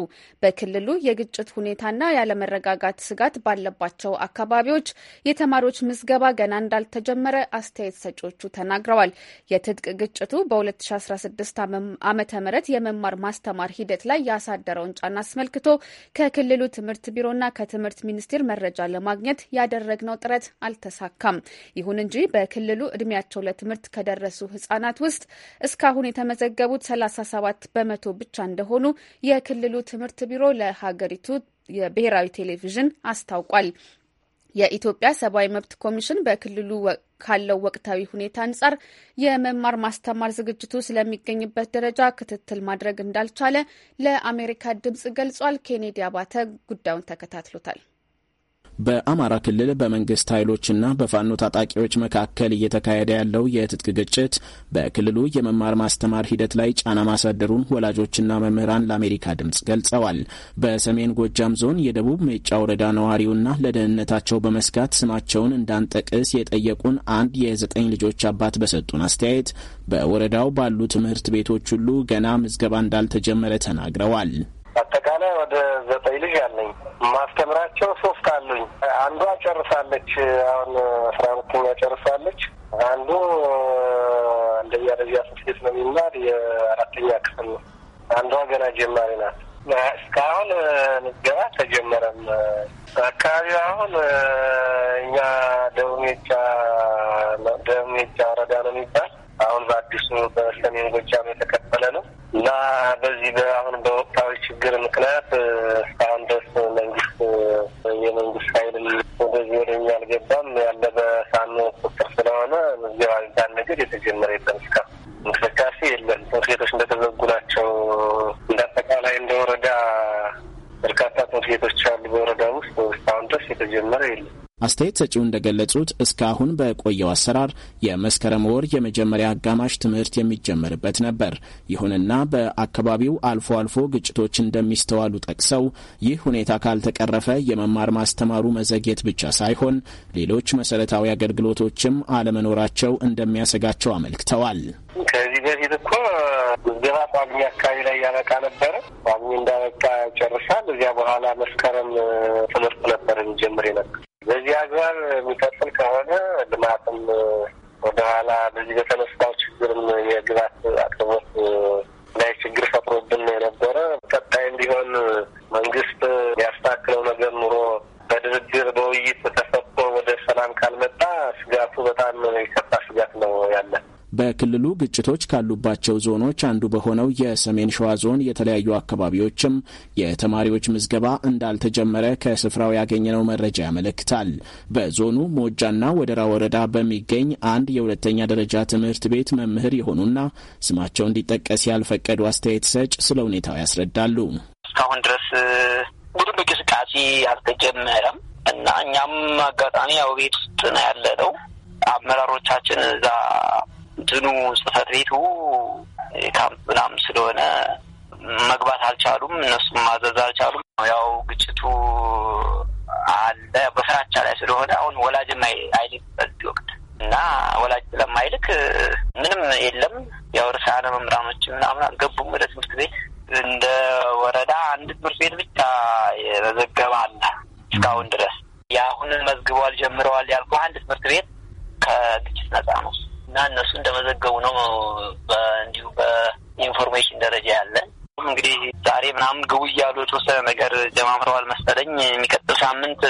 በክልሉ የግጭት ሁኔታና ያለመረጋጋት ስጋት ባለባቸው አካባቢዎች የተማሪዎች ምዝገባ ገና እንዳልተጀመረ አስተያየት ሰጪዎቹ ተናግረዋል። የትጥቅ ግጭቱ በ2016 ዓ ም የመማር ማስተማር ሂደት ላይ ያሳደረውን ጫና አስመልክቶ ከክልሉ ትምህርት ቢሮና ከትምህርት ሚኒስቴር መረጃ ለማግኘት ያደ ያደረግነው ጥረት አልተሳካም። ይሁን እንጂ በክልሉ እድሜያቸው ለትምህርት ከደረሱ ህጻናት ውስጥ እስካሁን የተመዘገቡት 37 በመቶ ብቻ እንደሆኑ የክልሉ ትምህርት ቢሮ ለሀገሪቱ የብሔራዊ ቴሌቪዥን አስታውቋል። የኢትዮጵያ ሰብአዊ መብት ኮሚሽን በክልሉ ካለው ወቅታዊ ሁኔታ አንጻር የመማር ማስተማር ዝግጅቱ ስለሚገኝበት ደረጃ ክትትል ማድረግ እንዳልቻለ ለአሜሪካ ድምጽ ገልጿል። ኬኔዲ አባተ ጉዳዩን ተከታትሎታል። በአማራ ክልል በመንግስት ኃይሎችና በፋኖ ታጣቂዎች መካከል እየተካሄደ ያለው የትጥቅ ግጭት በክልሉ የመማር ማስተማር ሂደት ላይ ጫና ማሳደሩን ወላጆችና መምህራን ለአሜሪካ ድምጽ ገልጸዋል። በሰሜን ጎጃም ዞን የደቡብ ሜጫ ወረዳ ነዋሪውና ለደህንነታቸው በመስጋት ስማቸውን እንዳንጠቅስ የጠየቁን አንድ የዘጠኝ ልጆች አባት በሰጡን አስተያየት በወረዳው ባሉ ትምህርት ቤቶች ሁሉ ገና ምዝገባ እንዳልተጀመረ ተናግረዋል። አጠቃላይ ወደ ዘጠኝ ልጅ አለኝ። ማስተምራቸው ሶስት አሉኝ። አንዷ ጨርሳለች፣ አሁን አስራ ሁለተኛ ጨርሳለች። አንዱ አንደኛ ደረጃ ትምህርት ነው የሚማር የአራተኛ ክፍል ነው። አንዷ ገና ጀማሪ ናት። እስካሁን ምዝገባ ተጀመረም። አካባቢው አሁን እኛ ደቡብ ሜጫ ወረዳ ነው የሚባል አሁን በአዲሱ በሰሜን ጎጃም የተከፈለ ነው እና በዚህ በአሁን በወቅታዊ ችግር ምክንያት እስካሁን ድረስ መንግስት የመንግስት ኃይልም ወደዚህ ወደኛ አልገባም ያለ በሳኑ ቁጥር ስለሆነ ምዝገባ የሚባል ነገር የተጀመረ የለም። እስካሁን እንቅስቃሴ የለም። ትምህርት ቤቶች አስተያየት ሰጪው እንደገለጹት እስካሁን በቆየው አሰራር የመስከረም ወር የመጀመሪያ አጋማሽ ትምህርት የሚጀመርበት ነበር። ይሁንና በአካባቢው አልፎ አልፎ ግጭቶች እንደሚስተዋሉ ጠቅሰው ይህ ሁኔታ ካልተቀረፈ የመማር ማስተማሩ መዘግየት ብቻ ሳይሆን ሌሎች መሰረታዊ አገልግሎቶችም አለመኖራቸው እንደሚያሰጋቸው አመልክተዋል። ከዚህ በፊት እኮ ምዝገባ ጳጉሜ አካባቢ ላይ ያበቃ ነበረ። ጳጉሜ እንዳበቃ ጨርሳል። እዚያ በኋላ መስከረም ትምህርት ነበር እንጀምር ነበር። በዚህ አግባብ የሚቀጥል ከሆነ ልማትም ወደኋላ በዚህ በተነስታው ችግርም የግባት አቅርቦት ላይ ችግር ፈጥሮብን የነበረ ቀጣይ እንዲሆን መንግስት ያስተካክለው ነገር ኑሮ በድርድር በውይይት ተፈቶ ወደ ሰላም ካልመጣ ስጋቱ በጣም የከፋ ስጋት ነው ያለን። በክልሉ ግጭቶች ካሉባቸው ዞኖች አንዱ በሆነው የሰሜን ሸዋ ዞን የተለያዩ አካባቢዎችም የተማሪዎች ምዝገባ እንዳልተጀመረ ከስፍራው ያገኘነው መረጃ ያመለክታል። በዞኑ ሞጃና ወደራ ወረዳ በሚገኝ አንድ የሁለተኛ ደረጃ ትምህርት ቤት መምህር የሆኑና ስማቸው እንዲጠቀስ ያልፈቀዱ አስተያየት ሰጭ ስለ ሁኔታው ያስረዳሉ። እስካሁን ድረስ ምንም እንቅስቃሴ አልተጀመረም እና እኛም አጋጣሚ ያው ቤት ውስጥ ነው ያለነው። አመራሮቻችን እዛ እንትኑ ጽህፈት ቤቱ ካምፕ ምናምን ስለሆነ መግባት አልቻሉም። እነሱም ማዘዝ አልቻሉም። ያው ግጭቱ አለ በፍራቻ ላይ ስለሆነ አሁን ወላጅም አይልም በዚህ ወቅት እና ወላጅ ስለማይልክ ምንም የለም። ያው ርዕሳነ መምህራኖች ምናምን አልገቡም ወደ ትምህርት ቤት። እንደ ወረዳ አንድ ትምህርት ቤት ብቻ የመዘገበ አለ እስካሁን ድረስ። የአሁንን መዝግበዋል ጀምረዋል ያልኩ አንድ ትምህርት ቤት ከግጭት ነጻ ነው። እና እነሱ እንደመዘገቡ ነው እንዲሁ በኢንፎርሜሽን ደረጃ ያለን። እንግዲህ ዛሬ ምናምን ግቡ እያሉ የተወሰነ ነገር ጀማምረዋል መሰለኝ። የሚቀጥል ሳምንት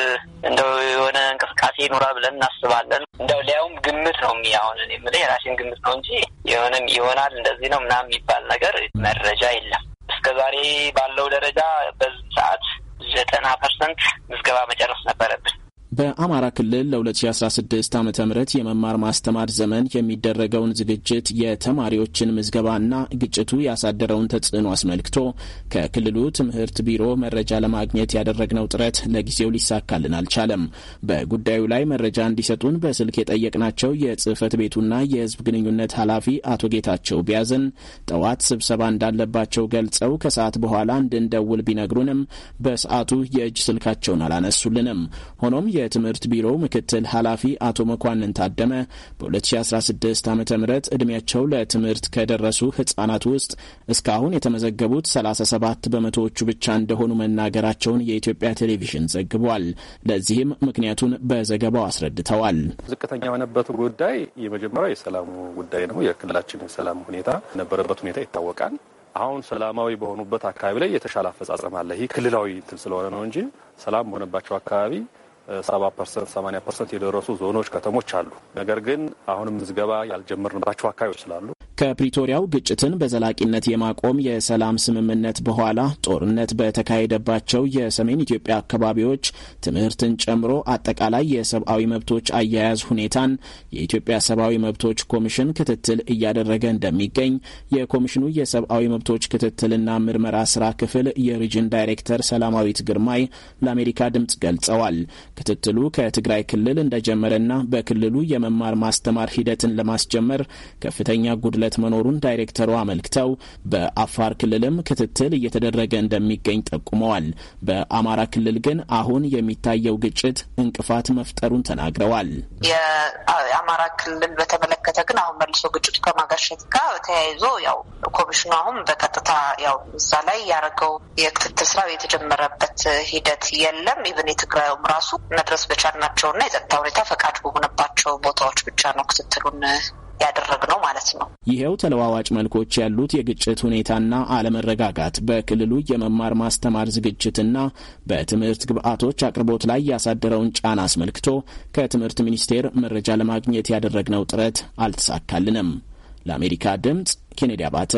እንደው የሆነ እንቅስቃሴ ይኖራ ብለን እናስባለን። እንደው ሊያውም ግምት ነው አሁን እኔ የምልህ የራሴን ግምት ነው እንጂ የሆነም ይሆናል እንደዚህ ነው ምናምን የሚባል ነገር መረጃ የለም። እስከ ዛሬ ባለው ደረጃ በዚህ ሰዓት ዘጠና ፐርሰንት ምዝገባ መጨረስ ነበረብን። በአማራ ክልል ለ2016 ዓ ም የመማር ማስተማር ዘመን የሚደረገውን ዝግጅት፣ የተማሪዎችን ምዝገባና ግጭቱ ያሳደረውን ተጽዕኖ አስመልክቶ ከክልሉ ትምህርት ቢሮ መረጃ ለማግኘት ያደረግነው ጥረት ለጊዜው ሊሳካልን አልቻለም። በጉዳዩ ላይ መረጃ እንዲሰጡን በስልክ የጠየቅናቸው የጽህፈት ቤቱና የህዝብ ግንኙነት ኃላፊ አቶ ጌታቸው ቢያዝን ጠዋት ስብሰባ እንዳለባቸው ገልጸው ከሰዓት በኋላ እንድንደውል ቢነግሩንም በሰዓቱ የእጅ ስልካቸውን አላነሱልንም። ሆኖም የትምህርት ቢሮ ምክትል ኃላፊ አቶ መኳንን ታደመ በ2016 ዓ ም እድሜያቸው ለትምህርት ከደረሱ ህጻናት ውስጥ እስካሁን የተመዘገቡት 37 በመቶዎቹ ብቻ እንደሆኑ መናገራቸውን የኢትዮጵያ ቴሌቪዥን ዘግቧል። ለዚህም ምክንያቱን በዘገባው አስረድተዋል። ዝቅተኛ የሆነበት ጉዳይ የመጀመሪያው የሰላሙ ጉዳይ ነው። የክልላችን የሰላም ሁኔታ የነበረበት ሁኔታ ይታወቃል። አሁን ሰላማዊ በሆኑበት አካባቢ ላይ የተሻለ አፈጻጸም አለ። ይህ ክልላዊ እንትን ስለሆነ ነው እንጂ ሰላም በሆነባቸው አካባቢ ሰባ ፐርሰንት ሰማኒያ ፐርሰንት የደረሱ ዞኖች ከተሞች አሉ። ነገር ግን አሁንም ምዝገባ ያልጀመርንባቸው አካባቢዎች ስላሉ ከፕሪቶሪያው ግጭትን በዘላቂነት የማቆም የሰላም ስምምነት በኋላ ጦርነት በተካሄደባቸው የሰሜን ኢትዮጵያ አካባቢዎች ትምህርትን ጨምሮ አጠቃላይ የሰብአዊ መብቶች አያያዝ ሁኔታን የኢትዮጵያ ሰብአዊ መብቶች ኮሚሽን ክትትል እያደረገ እንደሚገኝ የኮሚሽኑ የሰብአዊ መብቶች ክትትልና ምርመራ ስራ ክፍል የሪጅን ዳይሬክተር ሰላማዊት ግርማይ ለአሜሪካ ድምጽ ገልጸዋል። ክትትሉ ከትግራይ ክልል እንደጀመረና በክልሉ የመማር ማስተማር ሂደትን ለማስጀመር ከፍተኛ ጉድለ እየተደረገለት መኖሩን ዳይሬክተሩ አመልክተው በአፋር ክልልም ክትትል እየተደረገ እንደሚገኝ ጠቁመዋል። በአማራ ክልል ግን አሁን የሚታየው ግጭት እንቅፋት መፍጠሩን ተናግረዋል። የአማራ ክልል በተመለከተ ግን አሁን መልሶ ግጭቱ ከማጋሸት ጋር ተያይዞ ያው ኮሚሽኑ አሁን በቀጥታ ያው እዛ ላይ ያደረገው የክትትል ስራ የተጀመረበት ሂደት የለም። ኢቨን የትግራዩም ራሱ መድረስ በቻልናቸውና የጸጥታ ሁኔታ ፈቃድ በሆነባቸው ቦታዎች ብቻ ነው ክትትሉን ያደረግነው ማለት ነው። ይኸው ተለዋዋጭ መልኮች ያሉት የግጭት ሁኔታና አለመረጋጋት በክልሉ የመማር ማስተማር ዝግጅትና በትምህርት ግብዓቶች አቅርቦት ላይ ያሳደረውን ጫና አስመልክቶ ከትምህርት ሚኒስቴር መረጃ ለማግኘት ያደረግነው ጥረት አልተሳካልንም። ለአሜሪካ ድምፅ ኬኔዲ አባተ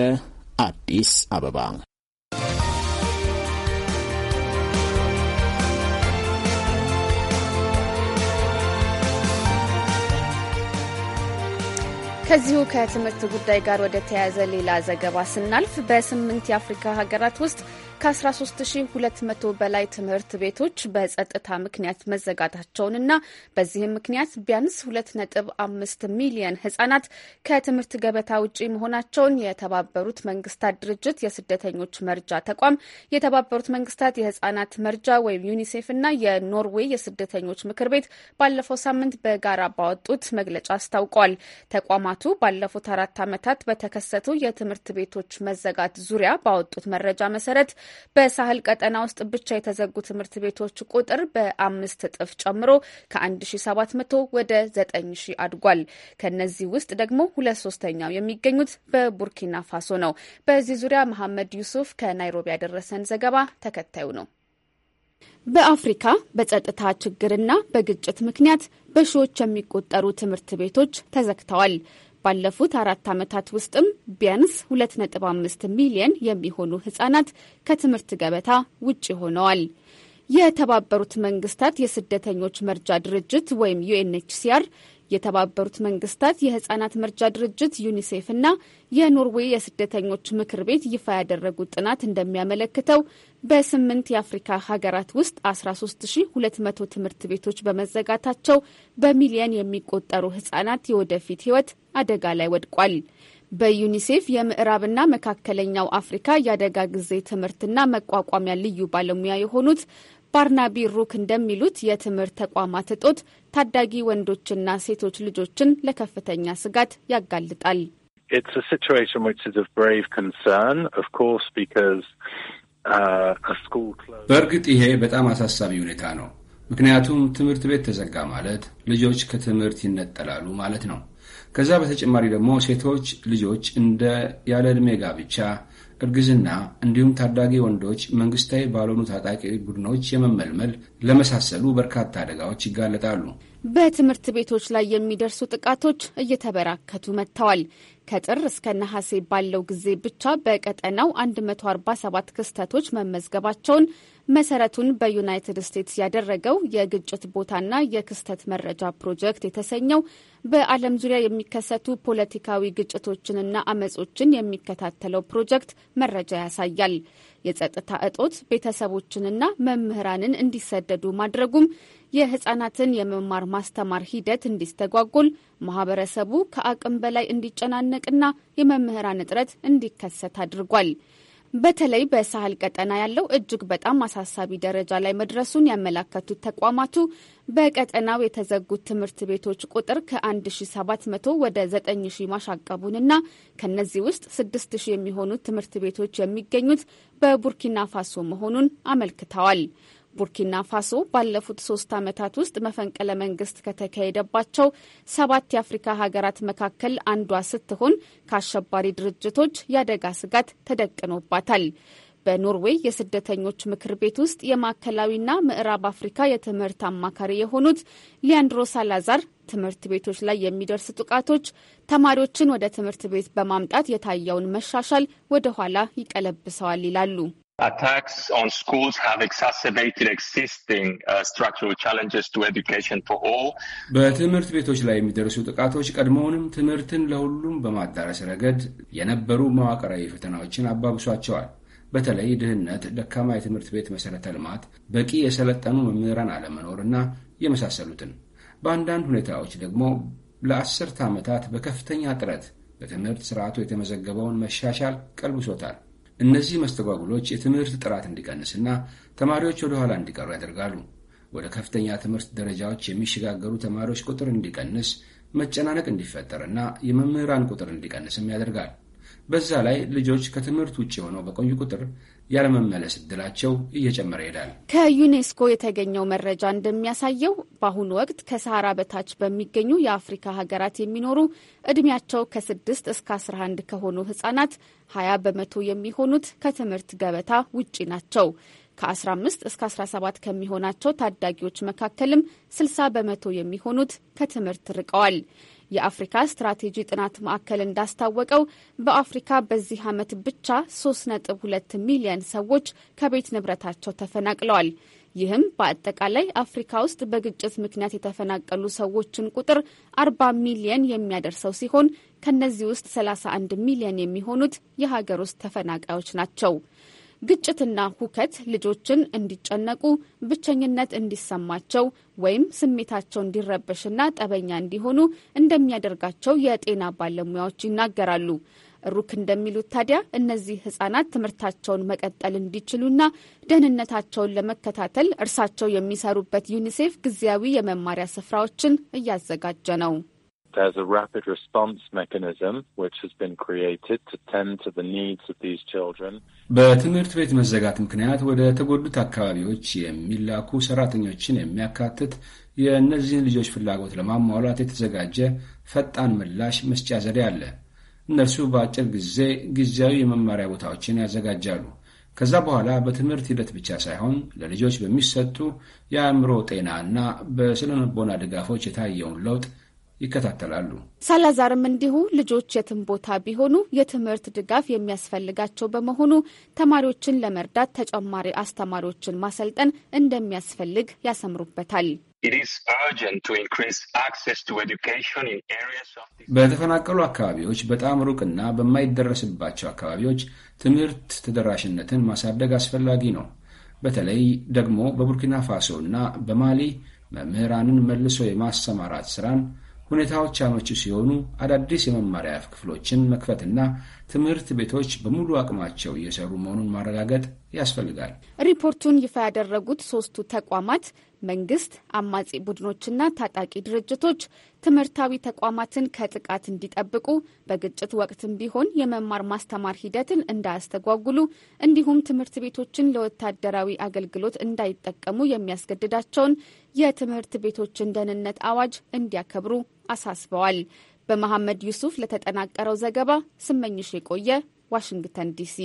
አዲስ አበባ ከዚሁ ከትምህርት ጉዳይ ጋር ወደ ተያያዘ ሌላ ዘገባ ስናልፍ በስምንት የአፍሪካ ሀገራት ውስጥ ከ13200 በላይ ትምህርት ቤቶች በጸጥታ ምክንያት መዘጋታቸውንና በዚህም ምክንያት ቢያንስ 2.5 ሚሊየን ህጻናት ከትምህርት ገበታ ውጪ መሆናቸውን የተባበሩት መንግስታት ድርጅት የስደተኞች መርጃ ተቋም፣ የተባበሩት መንግስታት የህጻናት መርጃ ወይም ዩኒሴፍ እና የኖርዌይ የስደተኞች ምክር ቤት ባለፈው ሳምንት በጋራ ባወጡት መግለጫ አስታውቋል። ተቋማቱ ባለፉት አራት ዓመታት በተከሰቱ የትምህርት ቤቶች መዘጋት ዙሪያ ባወጡት መረጃ መሰረት በሳህል ቀጠና ውስጥ ብቻ የተዘጉ ትምህርት ቤቶች ቁጥር በአምስት እጥፍ ጨምሮ ከ1700 ወደ 9000 አድጓል። ከነዚህ ውስጥ ደግሞ ሁለት ሶስተኛው የሚገኙት በቡርኪና ፋሶ ነው። በዚህ ዙሪያ መሐመድ ዩሱፍ ከናይሮቢ ያደረሰን ዘገባ ተከታዩ ነው። በአፍሪካ በጸጥታ ችግርና በግጭት ምክንያት በሺዎች የሚቆጠሩ ትምህርት ቤቶች ተዘግተዋል። ባለፉት አራት ዓመታት ውስጥም ቢያንስ 2.5 ሚሊየን የሚሆኑ ህጻናት ከትምህርት ገበታ ውጭ ሆነዋል። የተባበሩት መንግስታት የስደተኞች መርጃ ድርጅት ወይም ዩኤንኤችሲአር የተባበሩት መንግስታት የህጻናት መርጃ ድርጅት ዩኒሴፍ እና የኖርዌይ የስደተኞች ምክር ቤት ይፋ ያደረጉት ጥናት እንደሚያመለክተው በስምንት የአፍሪካ ሀገራት ውስጥ 13200 ትምህርት ቤቶች በመዘጋታቸው በሚሊየን የሚቆጠሩ ህጻናት የወደፊት ህይወት አደጋ ላይ ወድቋል። በዩኒሴፍ የምዕራብና መካከለኛው አፍሪካ የአደጋ ጊዜ ትምህርትና መቋቋሚያ ልዩ ባለሙያ የሆኑት ባርናቢ ሩክ እንደሚሉት የትምህርት ተቋማት እጦት ታዳጊ ወንዶችና ሴቶች ልጆችን ለከፍተኛ ስጋት ያጋልጣል። በእርግጥ ይሄ በጣም አሳሳቢ ሁኔታ ነው። ምክንያቱም ትምህርት ቤት ተዘጋ ማለት ልጆች ከትምህርት ይነጠላሉ ማለት ነው። ከዛ በተጨማሪ ደግሞ ሴቶች ልጆች እንደ ያለ ዕድሜ ጋብቻ፣ እርግዝና እንዲሁም ታዳጊ ወንዶች መንግስታዊ ባልሆኑ ታጣቂ ቡድኖች የመመልመል ለመሳሰሉ በርካታ አደጋዎች ይጋለጣሉ። በትምህርት ቤቶች ላይ የሚደርሱ ጥቃቶች እየተበራከቱ መጥተዋል። ከጥር እስከ ነሐሴ ባለው ጊዜ ብቻ በቀጠናው 147 ክስተቶች መመዝገባቸውን መሰረቱን በዩናይትድ ስቴትስ ያደረገው የግጭት ቦታና የክስተት መረጃ ፕሮጀክት የተሰኘው በዓለም ዙሪያ የሚከሰቱ ፖለቲካዊ ግጭቶችንና አመጾችን የሚከታተለው ፕሮጀክት መረጃ ያሳያል። የጸጥታ እጦት ቤተሰቦችንና መምህራንን እንዲሰደዱ ማድረጉም የህጻናትን የመማር ማስተማር ሂደት እንዲስተጓጎል፣ ማህበረሰቡ ከአቅም በላይ እንዲጨናነቅና የመምህራን እጥረት እንዲከሰት አድርጓል። በተለይ በሳህል ቀጠና ያለው እጅግ በጣም አሳሳቢ ደረጃ ላይ መድረሱን ያመላከቱት ተቋማቱ በቀጠናው የተዘጉት ትምህርት ቤቶች ቁጥር ከ1700 ወደ 9000 ማሻቀቡንና ከነዚህ ውስጥ 6000 የሚሆኑት ትምህርት ቤቶች የሚገኙት በቡርኪና ፋሶ መሆኑን አመልክተዋል። ቡርኪና ፋሶ ባለፉት ሶስት ዓመታት ውስጥ መፈንቅለ መንግስት ከተካሄደባቸው ሰባት የአፍሪካ ሀገራት መካከል አንዷ ስትሆን ከአሸባሪ ድርጅቶች የአደጋ ስጋት ተደቅኖባታል። በኖርዌይ የስደተኞች ምክር ቤት ውስጥ የማዕከላዊና ምዕራብ አፍሪካ የትምህርት አማካሪ የሆኑት ሊያንድሮ ሳላዛር ትምህርት ቤቶች ላይ የሚደርስ ጥቃቶች ተማሪዎችን ወደ ትምህርት ቤት በማምጣት የታየውን መሻሻል ወደኋላ ይቀለብሰዋል ይላሉ። Attacks on schools have exacerbated existing uh, structural challenges to education for all. በትምህርት ቤቶች ላይ የሚደርሱ ጥቃቶች ቀድሞውንም ትምህርትን ለሁሉም በማዳረስ ረገድ የነበሩ መዋቅራዊ ፈተናዎችን አባብሷቸዋል። በተለይ ድህነት፣ ደካማ የትምህርት ቤት መሠረተ ልማት፣ በቂ የሰለጠኑ መምህራን አለመኖር እና የመሳሰሉትን በአንዳንድ ሁኔታዎች ደግሞ ለአስርተ ዓመታት በከፍተኛ ጥረት በትምህርት ስርዓቱ የተመዘገበውን መሻሻል ቀልብሶታል። እነዚህ መስተጓጉሎች የትምህርት ጥራት እንዲቀንስና ተማሪዎች ወደ ኋላ እንዲቀሩ ያደርጋሉ። ወደ ከፍተኛ ትምህርት ደረጃዎች የሚሸጋገሩ ተማሪዎች ቁጥር እንዲቀንስ፣ መጨናነቅ እንዲፈጠርና የመምህራን ቁጥር እንዲቀንስም ያደርጋል። በዛ ላይ ልጆች ከትምህርት ውጭ ሆነው በቆዩ ቁጥር ያለመመለስ እድላቸው እየጨመረ ይሄዳል። ከዩኔስኮ የተገኘው መረጃ እንደሚያሳየው በአሁኑ ወቅት ከሰሃራ በታች በሚገኙ የአፍሪካ ሀገራት የሚኖሩ እድሜያቸው ከስድስት እስከ 11 ከሆኑ ህጻናት 20 በመቶ የሚሆኑት ከትምህርት ገበታ ውጪ ናቸው። ከ15 እስከ 17 ከሚሆናቸው ታዳጊዎች መካከልም 60 በመቶ የሚሆኑት ከትምህርት ርቀዋል። የአፍሪካ ስትራቴጂ ጥናት ማዕከል እንዳስታወቀው በአፍሪካ በዚህ ዓመት ብቻ 3.2 ሚሊዮን ሰዎች ከቤት ንብረታቸው ተፈናቅለዋል። ይህም በአጠቃላይ አፍሪካ ውስጥ በግጭት ምክንያት የተፈናቀሉ ሰዎችን ቁጥር 40 ሚሊየን የሚያደርሰው ሲሆን ከነዚህ ውስጥ 31 ሚሊየን የሚሆኑት የሀገር ውስጥ ተፈናቃዮች ናቸው። ግጭትና ሁከት ልጆችን እንዲጨነቁ፣ ብቸኝነት እንዲሰማቸው ወይም ስሜታቸው እንዲረበሽና ጠበኛ እንዲሆኑ እንደሚያደርጋቸው የጤና ባለሙያዎች ይናገራሉ። ሩክ እንደሚሉት ታዲያ እነዚህ ህጻናት ትምህርታቸውን መቀጠል እንዲችሉና ደህንነታቸውን ለመከታተል እርሳቸው የሚሰሩበት ዩኒሴፍ ጊዜያዊ የመማሪያ ስፍራዎችን እያዘጋጀ ነው። There's a rapid response mechanism which has been created to tend to the needs of these children. በትምህርት ቤት መዘጋት ምክንያት ወደ ተጎዱት አካባቢዎች የሚላኩ ሰራተኞችን የሚያካትት የእነዚህን ልጆች ፍላጎት ለማሟላት የተዘጋጀ ፈጣን ምላሽ መስጫ ዘዴ አለ። እነርሱ በአጭር ጊዜ ጊዜያዊ የመማሪያ ቦታዎችን ያዘጋጃሉ። ከዛ በኋላ በትምህርት ሂደት ብቻ ሳይሆን ለልጆች በሚሰጡ የአእምሮ ጤና እና በስነ ልቦና ድጋፎች የታየውን ለውጥ ይከታተላሉ። ሳላዛርም እንዲሁ ልጆች የትም ቦታ ቢሆኑ የትምህርት ድጋፍ የሚያስፈልጋቸው በመሆኑ ተማሪዎችን ለመርዳት ተጨማሪ አስተማሪዎችን ማሰልጠን እንደሚያስፈልግ ያሰምሩበታል። በተፈናቀሉ አካባቢዎች በጣም ሩቅና በማይደረስባቸው አካባቢዎች ትምህርት ተደራሽነትን ማሳደግ አስፈላጊ ነው። በተለይ ደግሞ በቡርኪና ፋሶ እና በማሊ መምህራንን መልሶ የማሰማራት ስራን ሁኔታዎች አመቺ ሲሆኑ አዳዲስ የመማሪያ ክፍሎችን መክፈትና ትምህርት ቤቶች በሙሉ አቅማቸው እየሰሩ መሆኑን ማረጋገጥ ያስፈልጋል። ሪፖርቱን ይፋ ያደረጉት ሶስቱ ተቋማት መንግስት፣ አማጺ ቡድኖችና ታጣቂ ድርጅቶች ትምህርታዊ ተቋማትን ከጥቃት እንዲጠብቁ በግጭት ወቅትም ቢሆን የመማር ማስተማር ሂደትን እንዳያስተጓጉሉ እንዲሁም ትምህርት ቤቶችን ለወታደራዊ አገልግሎት እንዳይጠቀሙ የሚያስገድዳቸውን የትምህርት ቤቶችን ደህንነት አዋጅ እንዲያከብሩ አሳስበዋል። በመሐመድ ዩሱፍ ለተጠናቀረው ዘገባ ስመኝሽ የቆየ ዋሽንግተን ዲሲ።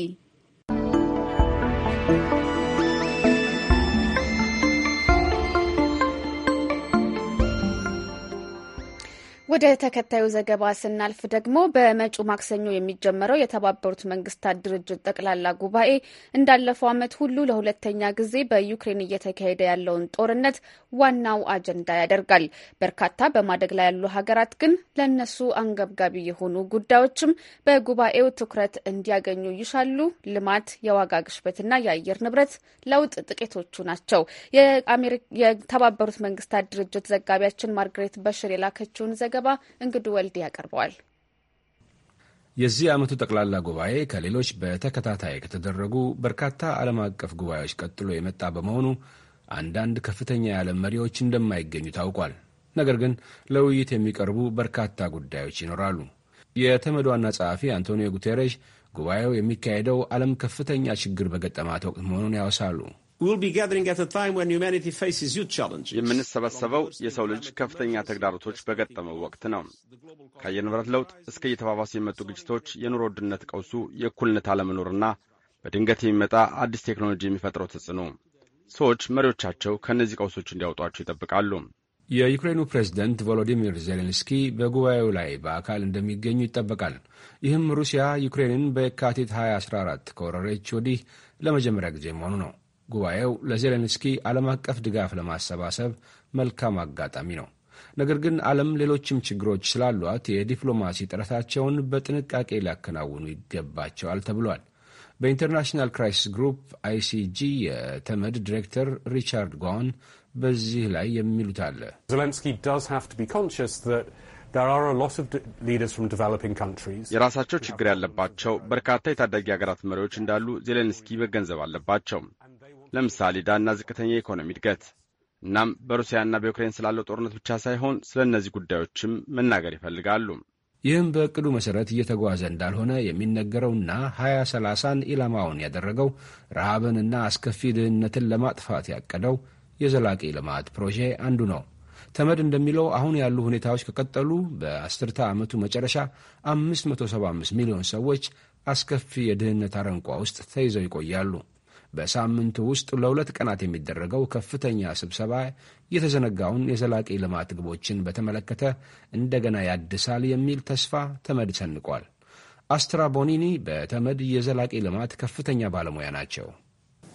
ወደ ተከታዩ ዘገባ ስናልፍ ደግሞ በመጪው ማክሰኞ የሚጀመረው የተባበሩት መንግስታት ድርጅት ጠቅላላ ጉባኤ እንዳለፈው ዓመት ሁሉ ለሁለተኛ ጊዜ በዩክሬን እየተካሄደ ያለውን ጦርነት ዋናው አጀንዳ ያደርጋል። በርካታ በማደግ ላይ ያሉ ሀገራት ግን ለእነሱ አንገብጋቢ የሆኑ ጉዳዮችም በጉባኤው ትኩረት እንዲያገኙ ይሻሉ። ልማት፣ የዋጋ ግሽበትና የአየር ንብረት ለውጥ ጥቂቶቹ ናቸው። የተባበሩት መንግስታት ድርጅት ዘጋቢያችን ማርግሬት በሽር የላከችውን ዘገባ እንግድ ወልድ ያቀርበዋል። የዚህ ዓመቱ ጠቅላላ ጉባኤ ከሌሎች በተከታታይ ከተደረጉ በርካታ ዓለም አቀፍ ጉባኤዎች ቀጥሎ የመጣ በመሆኑ አንዳንድ ከፍተኛ የዓለም መሪዎች እንደማይገኙ ታውቋል። ነገር ግን ለውይይት የሚቀርቡ በርካታ ጉዳዮች ይኖራሉ። የተመድ ዋና ጸሐፊ አንቶኒዮ ጉቴሬሽ ጉባኤው የሚካሄደው ዓለም ከፍተኛ ችግር በገጠማት ወቅት መሆኑን ያወሳሉ። የምንሰበሰበው የሰው ልጅ ከፍተኛ ተግዳሮቶች በገጠመው ወቅት ነው። ከአየር ንብረት ለውጥ እስከ እየተባባሱ የመጡ ግጭቶች፣ የኑሮ ውድነት ቀውሱ፣ የእኩልነት አለመኖርና በድንገት የሚመጣ አዲስ ቴክኖሎጂ የሚፈጥረው ተጽዕኖ ሰዎች መሪዎቻቸው ከእነዚህ ቀውሶች እንዲያወጧቸው ይጠብቃሉ። የዩክሬኑ ፕሬዝደንት ቮሎዲሚር ዜሌንስኪ በጉባኤው ላይ በአካል እንደሚገኙ ይጠበቃል። ይህም ሩሲያ ዩክሬንን በየካቲት 2014 ከወረረች ወዲህ ለመጀመሪያ ጊዜ መሆኑ ነው። ጉባኤው ለዜሌንስኪ ዓለም አቀፍ ድጋፍ ለማሰባሰብ መልካም አጋጣሚ ነው። ነገር ግን ዓለም ሌሎችም ችግሮች ስላሏት የዲፕሎማሲ ጥረታቸውን በጥንቃቄ ሊያከናውኑ ይገባቸዋል ተብሏል። በኢንተርናሽናል ክራይሲስ ግሩፕ አይሲጂ የተመድ ዲሬክተር ሪቻርድ ጓን በዚህ ላይ የሚሉት አለ። የራሳቸው ችግር ያለባቸው በርካታ የታዳጊ ሀገራት መሪዎች እንዳሉ ዜሌንስኪ መገንዘብ አለባቸው። ለምሳሌ ዳና ዝቅተኛ የኢኮኖሚ እድገት። እናም በሩሲያና በዩክሬን ስላለው ጦርነት ብቻ ሳይሆን ስለ እነዚህ ጉዳዮችም መናገር ይፈልጋሉ። ይህም በእቅዱ መሠረት እየተጓዘ እንዳልሆነ የሚነገረውና 2030ን ኢላማውን ያደረገው ረሃብንና አስከፊ ድህነትን ለማጥፋት ያቀደው የዘላቂ ልማት ፕሮጄ አንዱ ነው። ተመድ እንደሚለው አሁን ያሉ ሁኔታዎች ከቀጠሉ በአስርተ ዓመቱ መጨረሻ 575 ሚሊዮን ሰዎች አስከፊ የድህነት አረንቋ ውስጥ ተይዘው ይቆያሉ። በሳምንቱ ውስጥ ለሁለት ቀናት የሚደረገው ከፍተኛ ስብሰባ የተዘነጋውን የዘላቂ ልማት ግቦችን በተመለከተ እንደገና ያድሳል የሚል ተስፋ ተመድ ሰንቋል። አስትራ ቦኒኒ በተመድ የዘላቂ ልማት ከፍተኛ ባለሙያ ናቸው።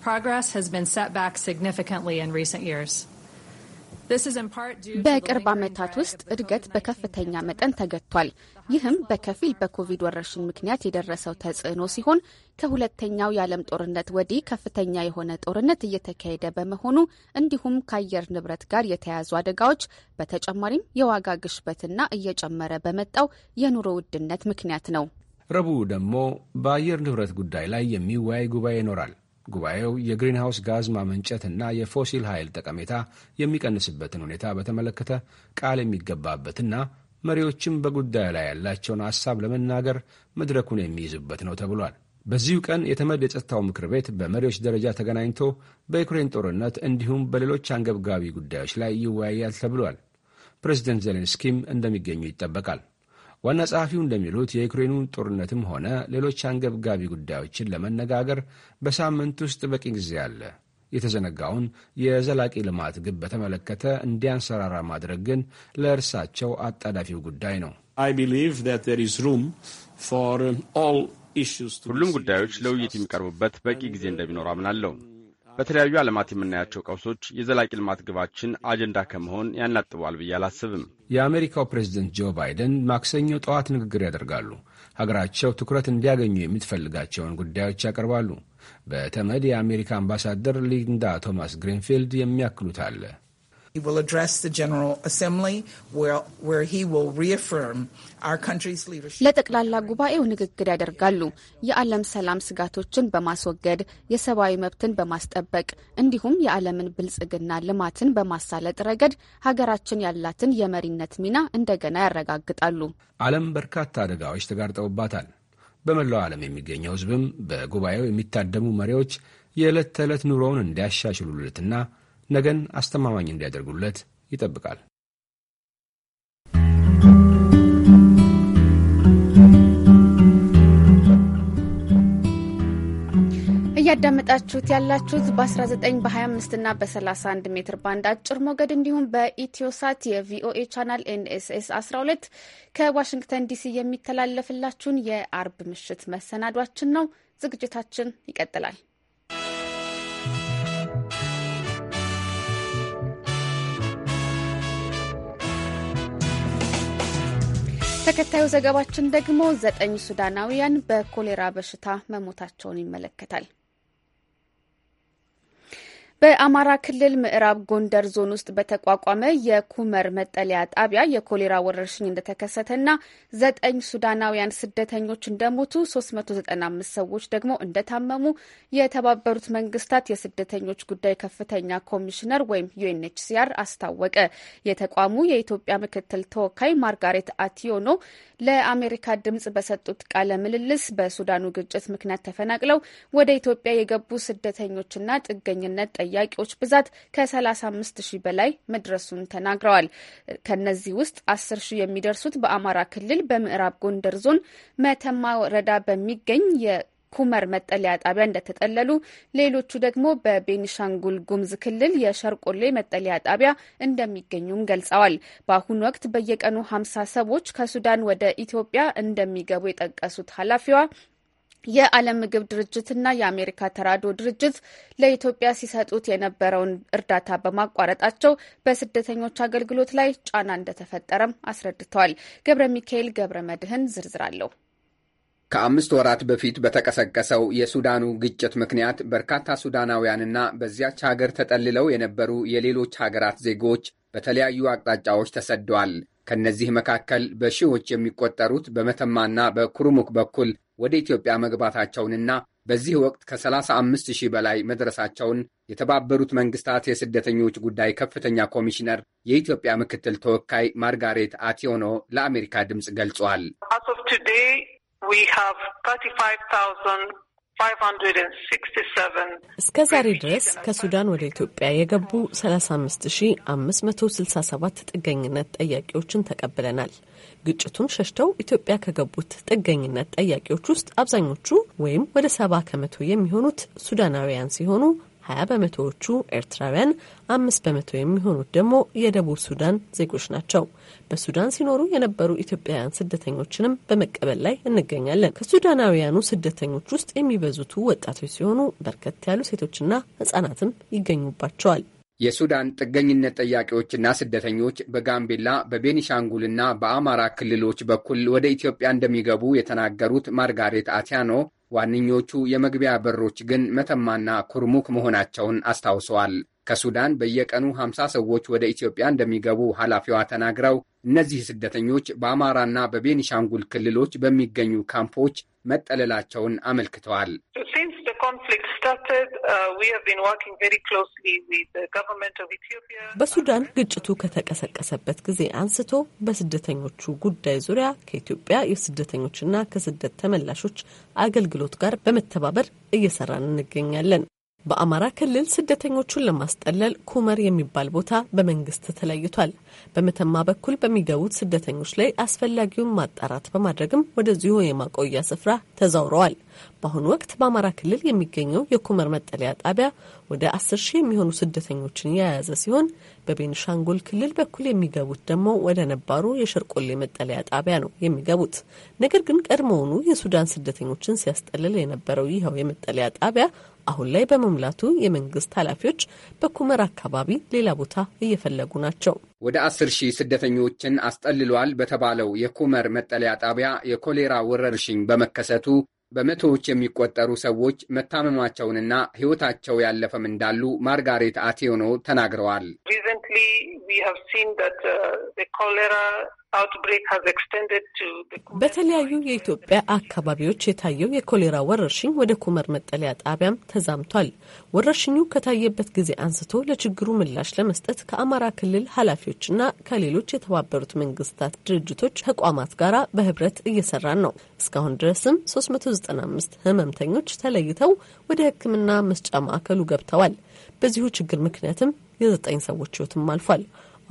Progress has been set back significantly in recent years. በቅርብ ዓመታት ውስጥ እድገት በከፍተኛ መጠን ተገጥቷል። ይህም በከፊል በኮቪድ ወረርሽኝ ምክንያት የደረሰው ተጽዕኖ ሲሆን ከሁለተኛው የዓለም ጦርነት ወዲህ ከፍተኛ የሆነ ጦርነት እየተካሄደ በመሆኑ እንዲሁም ከአየር ንብረት ጋር የተያያዙ አደጋዎች በተጨማሪም የዋጋ ግሽበትና እየጨመረ በመጣው የኑሮ ውድነት ምክንያት ነው። ረቡዕ ደግሞ በአየር ንብረት ጉዳይ ላይ የሚወያይ ጉባኤ ይኖራል። ጉባኤው የግሪንሃውስ ጋዝ ማመንጨት እና የፎሲል ኃይል ጠቀሜታ የሚቀንስበትን ሁኔታ በተመለከተ ቃል የሚገባበትና መሪዎችም በጉዳዩ ላይ ያላቸውን ሐሳብ ለመናገር መድረኩን የሚይዙበት ነው ተብሏል። በዚሁ ቀን የተመድ የጸጥታው ምክር ቤት በመሪዎች ደረጃ ተገናኝቶ በዩክሬን ጦርነት እንዲሁም በሌሎች አንገብጋቢ ጉዳዮች ላይ ይወያያል ተብሏል። ፕሬዚደንት ዜሌንስኪም እንደሚገኙ ይጠበቃል። ዋና ጸሐፊው እንደሚሉት የዩክሬኑን ጦርነትም ሆነ ሌሎች አንገብጋቢ ጉዳዮችን ለመነጋገር በሳምንት ውስጥ በቂ ጊዜ አለ። የተዘነጋውን የዘላቂ ልማት ግብ በተመለከተ እንዲያንሰራራ ማድረግ ግን ለእርሳቸው አጣዳፊው ጉዳይ ነው። ሁሉም ጉዳዮች ለውይይት የሚቀርቡበት በቂ ጊዜ እንደሚኖር አምናለሁ። በተለያዩ ዓለማት የምናያቸው ቀውሶች የዘላቂ ልማት ግባችን አጀንዳ ከመሆን ያናጥበዋል ብዬ አላስብም። የአሜሪካው ፕሬዝደንት ጆ ባይደን ማክሰኞ ጠዋት ንግግር ያደርጋሉ። ሀገራቸው ትኩረት እንዲያገኙ የምትፈልጋቸውን ጉዳዮች ያቀርባሉ። በተመድ የአሜሪካ አምባሳደር ሊንዳ ቶማስ ግሪንፊልድ የሚያክሉት አለ። ለጠቅላላ ጉባኤው ንግግር ያደርጋሉ። የዓለም ሰላም ስጋቶችን በማስወገድ የሰብአዊ መብትን በማስጠበቅ እንዲሁም የዓለምን ብልጽግና ልማትን በማሳለጥ ረገድ ሀገራችን ያላትን የመሪነት ሚና እንደገና ያረጋግጣሉ። ዓለም በርካታ አደጋዎች ተጋርጠውባታል። በመላው ዓለም የሚገኘው ህዝብም በጉባኤው የሚታደሙ መሪዎች የዕለት ተዕለት ኑሮውን እንዲያሻሽሉለትና ነገን አስተማማኝ እንዲያደርጉለት ይጠብቃል። እያዳመጣችሁት ያላችሁት በ19 በ25 እና በ31 ሜትር ባንድ አጭር ሞገድ እንዲሁም በኢትዮሳት የቪኦኤ ቻናል ኤንኤስኤስ 12 ከዋሽንግተን ዲሲ የሚተላለፍላችሁን የአርብ ምሽት መሰናዷችን ነው። ዝግጅታችን ይቀጥላል። ተከታዩ ዘገባችን ደግሞ ዘጠኝ ሱዳናውያን በኮሌራ በሽታ መሞታቸውን ይመለከታል። በአማራ ክልል ምዕራብ ጎንደር ዞን ውስጥ በተቋቋመ የኩመር መጠለያ ጣቢያ የኮሌራ ወረርሽኝ እንደተከሰተና ዘጠኝ ሱዳናውያን ስደተኞች እንደሞቱ 395 ሰዎች ደግሞ እንደታመሙ የተባበሩት መንግስታት የስደተኞች ጉዳይ ከፍተኛ ኮሚሽነር ወይም ዩኤንኤችሲአር አስታወቀ። የተቋሙ የኢትዮጵያ ምክትል ተወካይ ማርጋሬት አቲዮኖ ለአሜሪካ ድምጽ በሰጡት ቃለ ምልልስ በሱዳኑ ግጭት ምክንያት ተፈናቅለው ወደ ኢትዮጵያ የገቡ ስደተኞችና ጥገኝነት ተጠያቂዎች ብዛት ከ35 ሺህ በላይ መድረሱን ተናግረዋል። ከነዚህ ውስጥ 10 ሺህ የሚደርሱት በአማራ ክልል በምዕራብ ጎንደር ዞን መተማ ወረዳ በሚገኝ ኩመር መጠለያ ጣቢያ እንደተጠለሉ ሌሎቹ ደግሞ በቤኒሻንጉል ጉምዝ ክልል የሸርቆሌ መጠለያ ጣቢያ እንደሚገኙም ገልጸዋል። በአሁኑ ወቅት በየቀኑ ሀምሳ ሰዎች ከሱዳን ወደ ኢትዮጵያ እንደሚገቡ የጠቀሱት ኃላፊዋ የዓለም ምግብ ድርጅትና የአሜሪካ ተራድኦ ድርጅት ለኢትዮጵያ ሲሰጡት የነበረውን እርዳታ በማቋረጣቸው በስደተኞች አገልግሎት ላይ ጫና እንደተፈጠረም አስረድተዋል። ገብረ ሚካኤል ገብረ መድህን ዝርዝር ከአምስት ወራት በፊት በተቀሰቀሰው የሱዳኑ ግጭት ምክንያት በርካታ ሱዳናውያንና በዚያች ሀገር ተጠልለው የነበሩ የሌሎች ሀገራት ዜጎች በተለያዩ አቅጣጫዎች ተሰደዋል። ከእነዚህ መካከል በሺዎች የሚቆጠሩት በመተማና በኩርሙክ በኩል ወደ ኢትዮጵያ መግባታቸውንና በዚህ ወቅት ከ35 ሺህ በላይ መድረሳቸውን የተባበሩት መንግስታት የስደተኞች ጉዳይ ከፍተኛ ኮሚሽነር የኢትዮጵያ ምክትል ተወካይ ማርጋሬት አቴዮኖ ለአሜሪካ ድምፅ ገልጿል። እስከ ዛሬ ድረስ ከሱዳን ወደ ኢትዮጵያ የገቡ 35567 ጥገኝነት ጠያቂዎችን ተቀብለናል። ግጭቱን ሸሽተው ኢትዮጵያ ከገቡት ጥገኝነት ጠያቂዎች ውስጥ አብዛኞቹ ወይም ወደ ሰባ ከመቶ የሚሆኑት ሱዳናውያን ሲሆኑ ሀያ በመቶዎቹ ኤርትራውያን፣ አምስት በመቶ የሚሆኑት ደግሞ የደቡብ ሱዳን ዜጎች ናቸው። በሱዳን ሲኖሩ የነበሩ ኢትዮጵያውያን ስደተኞችንም በመቀበል ላይ እንገኛለን። ከሱዳናውያኑ ስደተኞች ውስጥ የሚበዙቱ ወጣቶች ሲሆኑ በርከት ያሉ ሴቶችና ህጻናትም ይገኙባቸዋል። የሱዳን ጥገኝነት ጠያቂዎችና ስደተኞች በጋምቤላ በቤኒሻንጉልና በአማራ ክልሎች በኩል ወደ ኢትዮጵያ እንደሚገቡ የተናገሩት ማርጋሬት አቲያኖ ዋነኞቹ የመግቢያ በሮች ግን መተማና ኩርሙክ መሆናቸውን አስታውሰዋል። ከሱዳን በየቀኑ 50 ሰዎች ወደ ኢትዮጵያ እንደሚገቡ ኃላፊዋ ተናግረው እነዚህ ስደተኞች በአማራና በቤኒሻንጉል ክልሎች በሚገኙ ካምፖች መጠለላቸውን አመልክተዋል። uh, በሱዳን ግጭቱ ከተቀሰቀሰበት ጊዜ አንስቶ በስደተኞቹ ጉዳይ ዙሪያ ከኢትዮጵያ የስደተኞችና ከስደት ተመላሾች አገልግሎት ጋር በመተባበር እየሰራን እንገኛለን። በአማራ ክልል ስደተኞቹን ለማስጠለል ኩመር የሚባል ቦታ በመንግስት ተለይቷል። በመተማ በኩል በሚገቡት ስደተኞች ላይ አስፈላጊውን ማጣራት በማድረግም ወደዚሁ የማቆያ ስፍራ ተዛውረዋል። በአሁኑ ወቅት በአማራ ክልል የሚገኘው የኩመር መጠለያ ጣቢያ ወደ አስር ሺህ የሚሆኑ ስደተኞችን የያዘ ሲሆን በቤንሻንጉል ክልል በኩል የሚገቡት ደግሞ ወደ ነባሩ የሸርቆሌ መጠለያ ጣቢያ ነው የሚገቡት። ነገር ግን ቀድሞውኑ የሱዳን ስደተኞችን ሲያስጠልል የነበረው ይኸው የመጠለያ ጣቢያ አሁን ላይ በመሙላቱ የመንግስት ኃላፊዎች በኩመር አካባቢ ሌላ ቦታ እየፈለጉ ናቸው። ወደ አስር ሺህ ስደተኞችን አስጠልሏል በተባለው የኩመር መጠለያ ጣቢያ የኮሌራ ወረርሽኝ በመከሰቱ በመቶዎች የሚቆጠሩ ሰዎች መታመማቸውንና ሕይወታቸው ያለፈም እንዳሉ ማርጋሬት አቴዮኖ ተናግረዋል። በተለያዩ የኢትዮጵያ አካባቢዎች የታየው የኮሌራ ወረርሽኝ ወደ ኩመር መጠለያ ጣቢያም ተዛምቷል። ወረርሽኙ ከታየበት ጊዜ አንስቶ ለችግሩ ምላሽ ለመስጠት ከአማራ ክልል ኃላፊዎችና ከሌሎች የተባበሩት መንግስታት ድርጅቶች ተቋማት ጋር በህብረት እየሰራን ነው። እስካሁን ድረስም 395 ህመምተኞች ተለይተው ወደ ሕክምና መስጫ ማዕከሉ ገብተዋል። በዚሁ ችግር ምክንያትም የዘጠኝ ሰዎች ህይወትም አልፏል።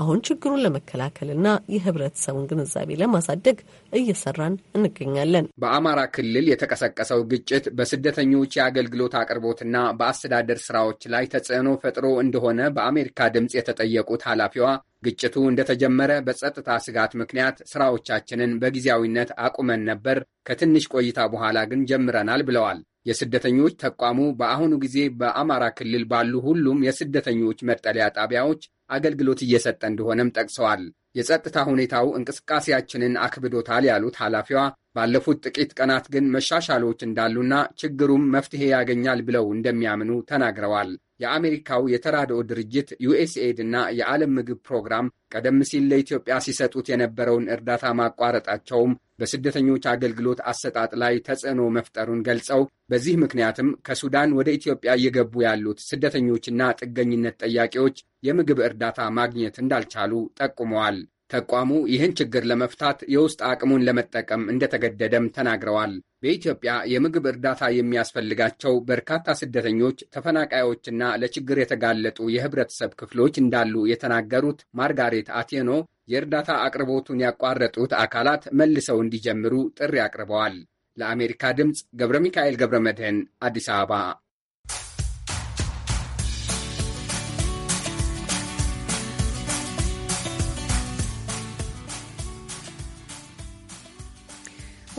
አሁን ችግሩን ለመከላከልና የህብረተሰቡን ግንዛቤ ለማሳደግ እየሰራን እንገኛለን። በአማራ ክልል የተቀሰቀሰው ግጭት በስደተኞች የአገልግሎት አቅርቦትና በአስተዳደር ስራዎች ላይ ተጽዕኖ ፈጥሮ እንደሆነ በአሜሪካ ድምፅ የተጠየቁት ኃላፊዋ ግጭቱ እንደተጀመረ በጸጥታ ስጋት ምክንያት ስራዎቻችንን በጊዜያዊነት አቁመን ነበር፣ ከትንሽ ቆይታ በኋላ ግን ጀምረናል ብለዋል። የስደተኞች ተቋሙ በአሁኑ ጊዜ በአማራ ክልል ባሉ ሁሉም የስደተኞች መጠለያ ጣቢያዎች አገልግሎት እየሰጠ እንደሆነም ጠቅሰዋል። የጸጥታ ሁኔታው እንቅስቃሴያችንን አክብዶታል ያሉት ኃላፊዋ ባለፉት ጥቂት ቀናት ግን መሻሻሎች እንዳሉና ችግሩም መፍትሄ ያገኛል ብለው እንደሚያምኑ ተናግረዋል። የአሜሪካው የተራድኦ ድርጅት ዩኤስኤድ እና የዓለም ምግብ ፕሮግራም ቀደም ሲል ለኢትዮጵያ ሲሰጡት የነበረውን እርዳታ ማቋረጣቸውም በስደተኞች አገልግሎት አሰጣጥ ላይ ተጽዕኖ መፍጠሩን ገልጸው በዚህ ምክንያትም ከሱዳን ወደ ኢትዮጵያ እየገቡ ያሉት ስደተኞችና ጥገኝነት ጠያቂዎች የምግብ እርዳታ ማግኘት እንዳልቻሉ ጠቁመዋል። ተቋሙ ይህን ችግር ለመፍታት የውስጥ አቅሙን ለመጠቀም እንደተገደደም ተናግረዋል። በኢትዮጵያ የምግብ እርዳታ የሚያስፈልጋቸው በርካታ ስደተኞች፣ ተፈናቃዮችና ለችግር የተጋለጡ የህብረተሰብ ክፍሎች እንዳሉ የተናገሩት ማርጋሬት አቴኖ የእርዳታ አቅርቦቱን ያቋረጡት አካላት መልሰው እንዲጀምሩ ጥሪ አቅርበዋል። ለአሜሪካ ድምፅ ገብረ ሚካኤል ገብረ መድህን አዲስ አበባ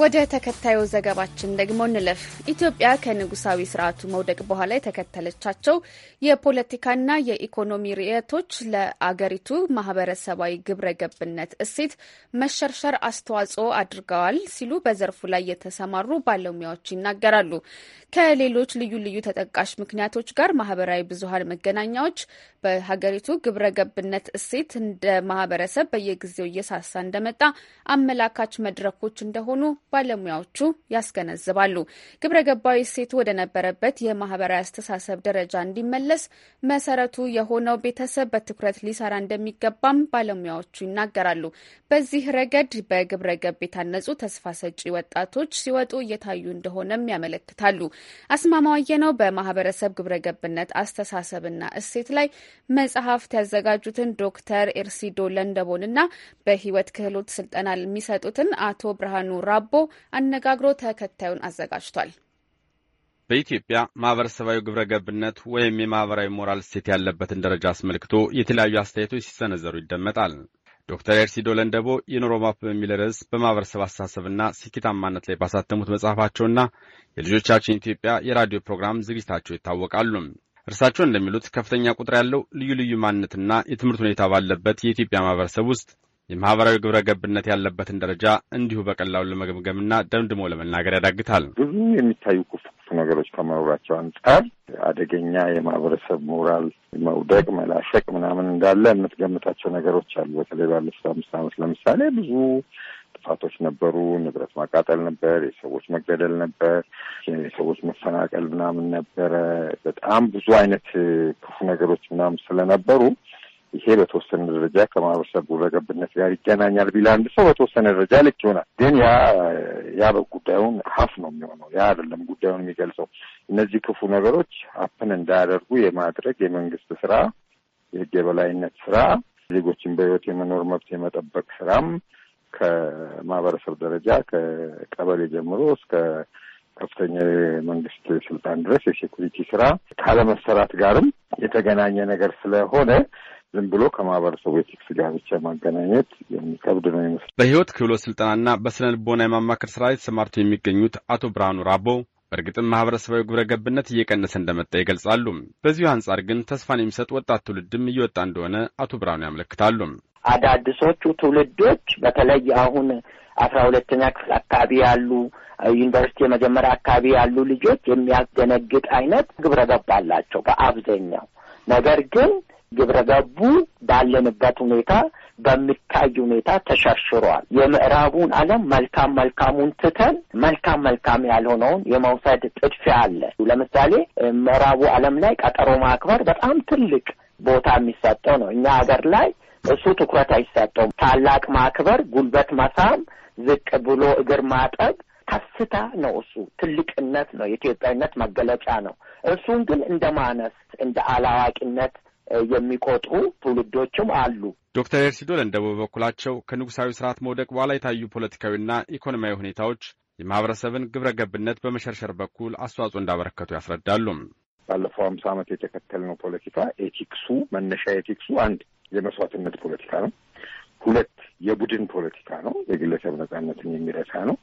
ወደ ተከታዩ ዘገባችን ደግሞ እንለፍ። ኢትዮጵያ ከንጉሳዊ ስርዓቱ መውደቅ በኋላ የተከተለቻቸው የፖለቲካና የኢኮኖሚ ርዕዮቶች ለአገሪቱ ማህበረሰባዊ ግብረ ገብነት እሴት መሸርሸር አስተዋጽኦ አድርገዋል ሲሉ በዘርፉ ላይ የተሰማሩ ባለሙያዎች ይናገራሉ። ከሌሎች ልዩ ልዩ ተጠቃሽ ምክንያቶች ጋር ማህበራዊ ብዙሀን መገናኛዎች በሀገሪቱ ግብረ ገብነት እሴት እንደ ማህበረሰብ በየጊዜው እየሳሳ እንደመጣ አመላካች መድረኮች እንደሆኑ ባለሙያዎቹ ያስገነዝባሉ። ግብረ ገባዊ እሴቱ ወደ ነበረበት የማህበራዊ አስተሳሰብ ደረጃ እንዲመለስ መሰረቱ የሆነው ቤተሰብ በትኩረት ሊሰራ እንደሚገባም ባለሙያዎቹ ይናገራሉ። በዚህ ረገድ በግብረ ገብ የታነጹ ተስፋ ሰጪ ወጣቶች ሲወጡ እየታዩ እንደሆነም ያመለክታሉ። አስማማዋየ ነው በማህበረሰብ ግብረገብነት አስተሳሰብና እሴት ላይ መጽሐፍት ያዘጋጁትን ዶክተር ኤርሲዶ ለንደቦንና በህይወት ክህሎት ስልጠና የሚሰጡትን አቶ ብርሃኑ ራቦ አነጋግሮ ተከታዩን አዘጋጅቷል። በኢትዮጵያ ማህበረሰባዊ ግብረ ገብነት ወይም የማህበራዊ ሞራል እሴት ያለበትን ደረጃ አስመልክቶ የተለያዩ አስተያየቶች ሲሰነዘሩ ይደመጣል። ዶክተር ኤርሲዶ የኑሮ ማፕ በሚል ርዕስ በማህበረሰብ አስተሳሰብና ስኬታማነት ላይ ባሳተሙት መጽሐፋቸውና የልጆቻችን ኢትዮጵያ የራዲዮ ፕሮግራም ዝግጅታቸው ይታወቃሉ። እርሳቸው እንደሚሉት ከፍተኛ ቁጥር ያለው ልዩ ልዩ ማንነትና የትምህርት ሁኔታ ባለበት የኢትዮጵያ ማህበረሰብ ውስጥ የማህበራዊ ግብረ ገብነት ያለበትን ደረጃ እንዲሁ በቀላሉ ለመገምገምና ደምድሞ ለመናገር ያዳግታል። ብዙ የሚታዩ ክፉ ክፉ ነገሮች ከመኖራቸው አንጻር አደገኛ የማህበረሰብ ሞራል መውደቅ፣ መላሸቅ ምናምን እንዳለ የምትገምታቸው ነገሮች አሉ። በተለይ ባለፉት አምስት ዓመት ለምሳሌ ብዙ ጥፋቶች ነበሩ። ንብረት ማቃጠል ነበር፣ የሰዎች መገደል ነበር፣ የሰዎች መፈናቀል ምናምን ነበረ። በጣም ብዙ አይነት ክፉ ነገሮች ምናምን ስለነበሩ ይሄ በተወሰነ ደረጃ ከማህበረሰብ ግብረገብነት ጋር ይገናኛል ቢል አንድ ሰው በተወሰነ ደረጃ ልክ ይሆናል። ግን ያ ያ ጉዳዩን ሀፍ ነው የሚሆነው። ያ አይደለም ጉዳዩን የሚገልጸው። እነዚህ ክፉ ነገሮች አፕን እንዳያደርጉ የማድረግ የመንግስት ስራ፣ የህግ የበላይነት ስራ፣ ዜጎችን በህይወት የመኖር መብት የመጠበቅ ስራም ከማህበረሰብ ደረጃ ከቀበሌ ጀምሮ እስከ ከፍተኛ የመንግስት ስልጣን ድረስ የሴኩሪቲ ስራ ካለመሰራት ጋርም የተገናኘ ነገር ስለሆነ ዝም ብሎ ከማህበረሰቡ የቴክስ ጋር ብቻ ማገናኘት የሚከብድ ነው ይመስል በህይወት ክህሎት ስልጠናና በስነ ልቦና የማማከር ስራ ላይ የሚገኙት አቶ ብርሃኑ ራቦ በእርግጥም ማህበረሰባዊ ግብረ ገብነት እየቀነሰ እንደመጣ ይገልጻሉ። በዚሁ አንጻር ግን ተስፋን የሚሰጥ ወጣት ትውልድም እየወጣ እንደሆነ አቶ ብርሃኑ ያመለክታሉ። አዳዲሶቹ ትውልዶች በተለይ አሁን አስራ ሁለተኛ ክፍል አካባቢ ያሉ ዩኒቨርሲቲ የመጀመሪያ አካባቢ ያሉ ልጆች የሚያስደነግጥ አይነት ግብረ ገብ አላቸው በአብዛኛው ነገር ግን ግብረገቡ ባለንበት ሁኔታ በሚታይ ሁኔታ ተሸርሽሯል። የምዕራቡን ዓለም መልካም መልካሙን ትተን መልካም መልካም ያልሆነውን የመውሰድ ጥድፊያ አለ። ለምሳሌ ምዕራቡ ዓለም ላይ ቀጠሮ ማክበር በጣም ትልቅ ቦታ የሚሰጠው ነው። እኛ ሀገር ላይ እሱ ትኩረት አይሰጠውም። ታላቅ ማክበር፣ ጉልበት መሳም፣ ዝቅ ብሎ እግር ማጠብ ከፍታ ነው። እሱ ትልቅነት ነው፣ የኢትዮጵያዊነት መገለጫ ነው። እሱን ግን እንደ ማነስ እንደ አላዋቂነት የሚቆጥሩ ትውልዶችም አሉ። ዶክተር ኤርሲዶ ደግሞ በበኩላቸው ከንጉሳዊ ስርዓት መውደቅ በኋላ የታዩ ፖለቲካዊና ኢኮኖሚያዊ ሁኔታዎች የማህበረሰብን ግብረ ገብነት በመሸርሸር በኩል አስተዋጽኦ እንዳበረከቱ ያስረዳሉ። ባለፈው ሀምሳ ዓመት የተከተልነው ፖለቲካ ኤቲክሱ መነሻ ኤቲክሱ አንድ የመስዋዕትነት ፖለቲካ ነው። ሁለት የቡድን ፖለቲካ ነው። የግለሰብ ነጻነትን የሚረሳ ነው።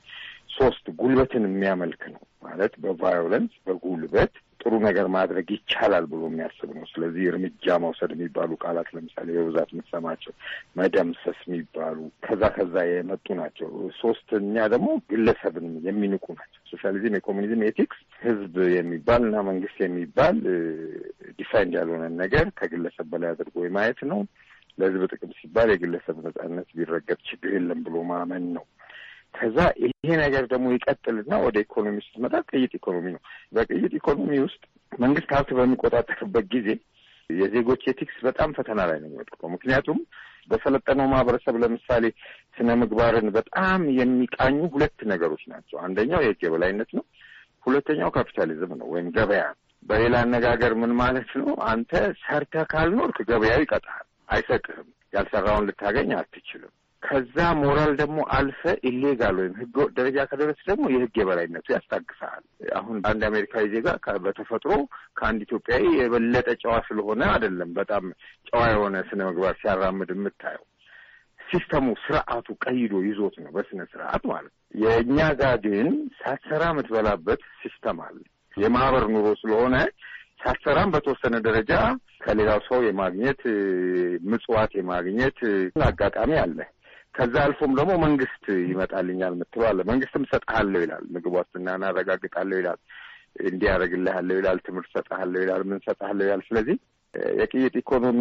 ሶስት ጉልበትን የሚያመልክ ነው። ማለት በቫዮለንስ በጉልበት ጥሩ ነገር ማድረግ ይቻላል ብሎ የሚያስብ ነው። ስለዚህ እርምጃ መውሰድ የሚባሉ ቃላት ለምሳሌ በብዛት የምትሰማቸው መደምሰስ የሚባሉ ከዛ ከዛ የመጡ ናቸው። ሶስተኛ ደግሞ ግለሰብን የሚንቁ ናቸው። ሶሻሊዝም፣ የኮሚኒዝም ኤቲክስ ህዝብ የሚባል እና መንግስት የሚባል ዲፋይንድ ያልሆነን ነገር ከግለሰብ በላይ አድርጎ ማየት ነው። ለህዝብ ጥቅም ሲባል የግለሰብ ነጻነት ቢረገጥ ችግር የለም ብሎ ማመን ነው። ከዛ ይሄ ነገር ደግሞ ይቀጥልና ወደ ኢኮኖሚ ስትመጣ ቅይጥ ኢኮኖሚ ነው። በቅይጥ ኢኮኖሚ ውስጥ መንግስት ሀብት በሚቆጣጠርበት ጊዜ የዜጎች ኤቲክስ በጣም ፈተና ላይ ነው የሚወድቀው። ምክንያቱም በሰለጠነው ማህበረሰብ ለምሳሌ ስነ ምግባርን በጣም የሚቃኙ ሁለት ነገሮች ናቸው። አንደኛው የህግ የበላይነት ነው። ሁለተኛው ካፒታሊዝም ነው ወይም ገበያ። በሌላ አነጋገር ምን ማለት ነው? አንተ ሰርተህ ካልኖርክ ገበያው ይቀጣል አይሰጥህም። ያልሰራውን ልታገኝ አትችልም። ከዛ ሞራል ደግሞ አልፈ ኢሌጋል ወይም ህገ ወጥ ደረጃ ከደረስ ደግሞ የህግ የበላይነቱ ያስታግሳል። አሁን አንድ አሜሪካዊ ዜጋ በተፈጥሮ ከአንድ ኢትዮጵያዊ የበለጠ ጨዋ ስለሆነ አይደለም። በጣም ጨዋ የሆነ ስነ ምግባር ሲያራምድ የምታየው ሲስተሙ፣ ስርዓቱ ቀይዶ ይዞት ነው በስነ ስርዓት ማለት ነው። የእኛ ጋር ግን ሳትሰራ የምትበላበት ሲስተም አለ። የማህበር ኑሮ ስለሆነ ሳትሰራም በተወሰነ ደረጃ ከሌላው ሰው የማግኘት ምጽዋት የማግኘት አጋጣሚ አለ። ከዛ አልፎም ደግሞ መንግስት ይመጣልኛል ምትለዋለ መንግስትም ሰጥሃለሁ ይላል። ምግብ ዋስትና አረጋግጣለሁ ይላል። እንዲያደርግልሃለሁ ይላል። ትምህርት ሰጥሃለሁ ይላል። ምን ሰጥሃለሁ ይላል። ስለዚህ የቅይጥ ኢኮኖሚ፣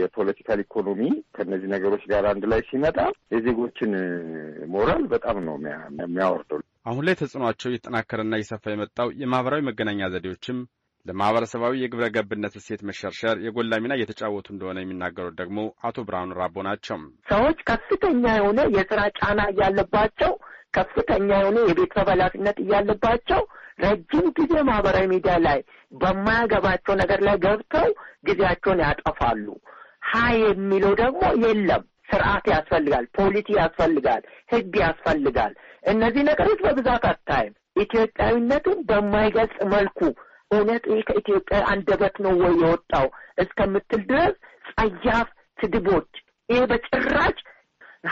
የፖለቲካል ኢኮኖሚ ከእነዚህ ነገሮች ጋር አንድ ላይ ሲመጣ የዜጎችን ሞራል በጣም ነው የሚያወርደው። አሁን ላይ ተጽዕኖቸው እየተጠናከረና እየሰፋ የመጣው የማህበራዊ መገናኛ ዘዴዎችም ለማህበረሰባዊ የግብረ ገብነት እሴት መሸርሸር የጎላ ሚና እየተጫወቱ እንደሆነ የሚናገሩት ደግሞ አቶ ብርሃኑ ራቦ ናቸው። ሰዎች ከፍተኛ የሆነ የስራ ጫና እያለባቸው፣ ከፍተኛ የሆነ የቤተሰብ ኃላፊነት እያለባቸው ረጅም ጊዜ ማህበራዊ ሚዲያ ላይ በማያገባቸው ነገር ላይ ገብተው ጊዜያቸውን ያጠፋሉ። ሀይ የሚለው ደግሞ የለም። ስርዓት ያስፈልጋል፣ ፖሊሲ ያስፈልጋል፣ ህግ ያስፈልጋል። እነዚህ ነገሮች በብዛት አታይም። ኢትዮጵያዊነትን በማይገልጽ መልኩ እውነት ይህ ከኢትዮጵያ አንደበት ነው ወይ የወጣው እስከምትል ድረስ ጸያፍ ስድቦች ይህ በጭራጭ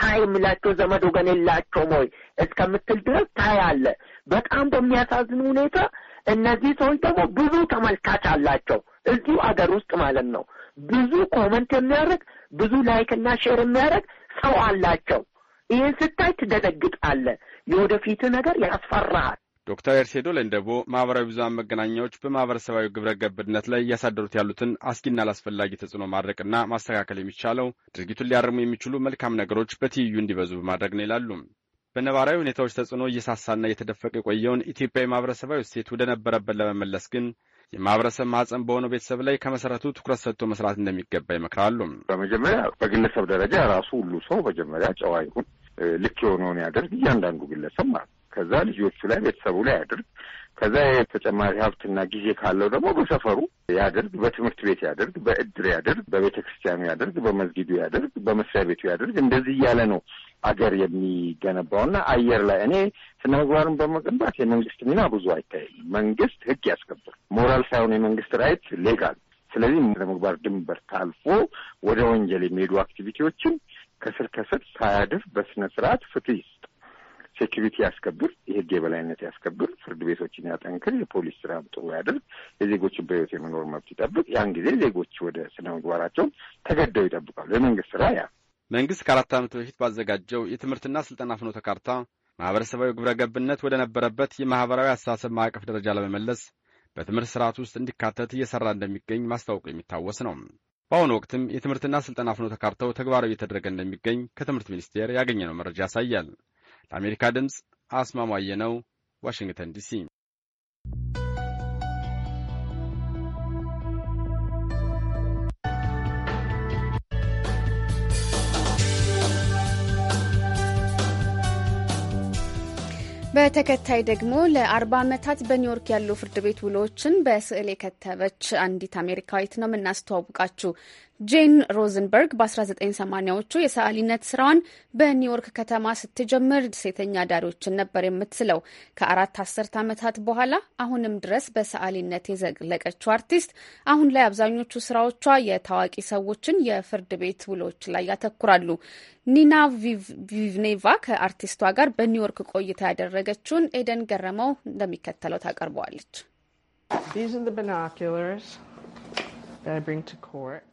ሀይ የሚላቸው ዘመድ ወገን የላቸውም ወይ እስከምትል ድረስ ታያለ። በጣም በሚያሳዝን ሁኔታ እነዚህ ሰዎች ደግሞ ብዙ ተመልካች አላቸው እዚሁ አገር ውስጥ ማለት ነው። ብዙ ኮመንት የሚያደርግ ብዙ ላይክ እና ሼር የሚያደርግ ሰው አላቸው። ይህን ስታይ አለ የወደፊት ነገር ያስፈራሃል። ዶክተር ኤርሴዶ ለንደቦ ማህበራዊ ብዙሀን መገናኛዎች በማህበረሰባዊ ግብረ ገብነት ላይ እያሳደሩት ያሉትን አስጊና ላስፈላጊ ተጽዕኖ ማድረቅና ማስተካከል የሚቻለው ድርጊቱን ሊያርሙ የሚችሉ መልካም ነገሮች በትይዩ እንዲበዙ በማድረግ ነው ይላሉ። በነባራዊ ሁኔታዎች ተጽዕኖ እየሳሳና እየተደፈቀ የቆየውን ኢትዮጵያዊ ማህበረሰባዊ እሴት ወደ ነበረበት ለመመለስ ግን የማህበረሰብ ማህፀን በሆነው ቤተሰብ ላይ ከመሰረቱ ትኩረት ሰጥቶ መስራት እንደሚገባ ይመክራሉ። በመጀመሪያ በግለሰብ ደረጃ ራሱ ሁሉ ሰው መጀመሪያ ጨዋ ይሁን ልክ የሆነውን ያደርግ እያንዳንዱ ግለሰብ ማለት ከዛ ልጆቹ ላይ ቤተሰቡ ላይ ያድርግ። ከዛ የተጨማሪ ሀብትና ጊዜ ካለው ደግሞ በሰፈሩ ያድርግ፣ በትምህርት ቤት ያድርግ፣ በእድር ያድርግ፣ በቤተ ክርስቲያኑ ያድርግ፣ በመስጊዱ ያድርግ፣ በመስሪያ ቤቱ ያድርግ። እንደዚህ እያለ ነው አገር የሚገነባውና አየር ላይ እኔ ስነ ምግባርን በመገንባት የመንግስት ሚና ብዙ አይታይም መንግስት ህግ ያስከብር፣ ሞራል ሳይሆን የመንግስት ራይት ሌጋል። ስለዚህ ስነ ምግባር ድንበር ታልፎ ወደ ወንጀል የሚሄዱ አክቲቪቲዎችን ከስር ከስር ሳያድር በስነ ስርዓት ፍትህ ይስጥ። ሴኪሪቲ ያስከብር፣ የህግ የበላይነት ያስከብር፣ ፍርድ ቤቶችን ያጠንክር፣ የፖሊስ ስራ ጥሩ ያደርግ፣ የዜጎችን በህይወት የመኖር መብት ይጠብቅ። ያን ጊዜ ዜጎች ወደ ስነ ምግባራቸውን ተገደው ይጠብቃሉ። የመንግስት ስራ ያ መንግስት ከአራት ዓመት በፊት ባዘጋጀው የትምህርትና ስልጠና ፍኖተ ካርታ ማህበረሰባዊ ግብረ ገብነት ወደ ነበረበት የማህበራዊ አስተሳሰብ ማዕቀፍ ደረጃ ለመመለስ በትምህርት ስርዓት ውስጥ እንዲካተት እየሰራ እንደሚገኝ ማስታወቁ የሚታወስ ነው። በአሁኑ ወቅትም የትምህርትና ስልጠና ፍኖተ ካርታው ተግባራዊ እየተደረገ እንደሚገኝ ከትምህርት ሚኒስቴር ያገኘነው መረጃ ያሳያል። ለአሜሪካ ድምፅ አስማማየ ነው፣ ዋሽንግተን ዲሲ። በተከታይ ደግሞ ለአርባ ዓመታት በኒውዮርክ ያሉ ፍርድ ቤት ውሎችን በስዕል የከተበች አንዲት አሜሪካዊት ነው የምናስተዋውቃችሁ። ጄን ሮዝንበርግ በ1980ዎቹ የሰዓሊነት ስራዋን በኒውዮርክ ከተማ ስትጀምር ሴተኛ አዳሪዎችን ነበር የምትስለው። ከአራት አስርት ዓመታት በኋላ አሁንም ድረስ በሰዓሊነት የዘለቀችው አርቲስት አሁን ላይ አብዛኞቹ ስራዎቿ የታዋቂ ሰዎችን የፍርድ ቤት ውሎች ላይ ያተኩራሉ። ኒና ቪቭኔቫ ከአርቲስቷ ጋር በኒውዮርክ ቆይታ ያደረገችውን ኤደን ገረመው እንደሚከተለው ታቀርበዋለች።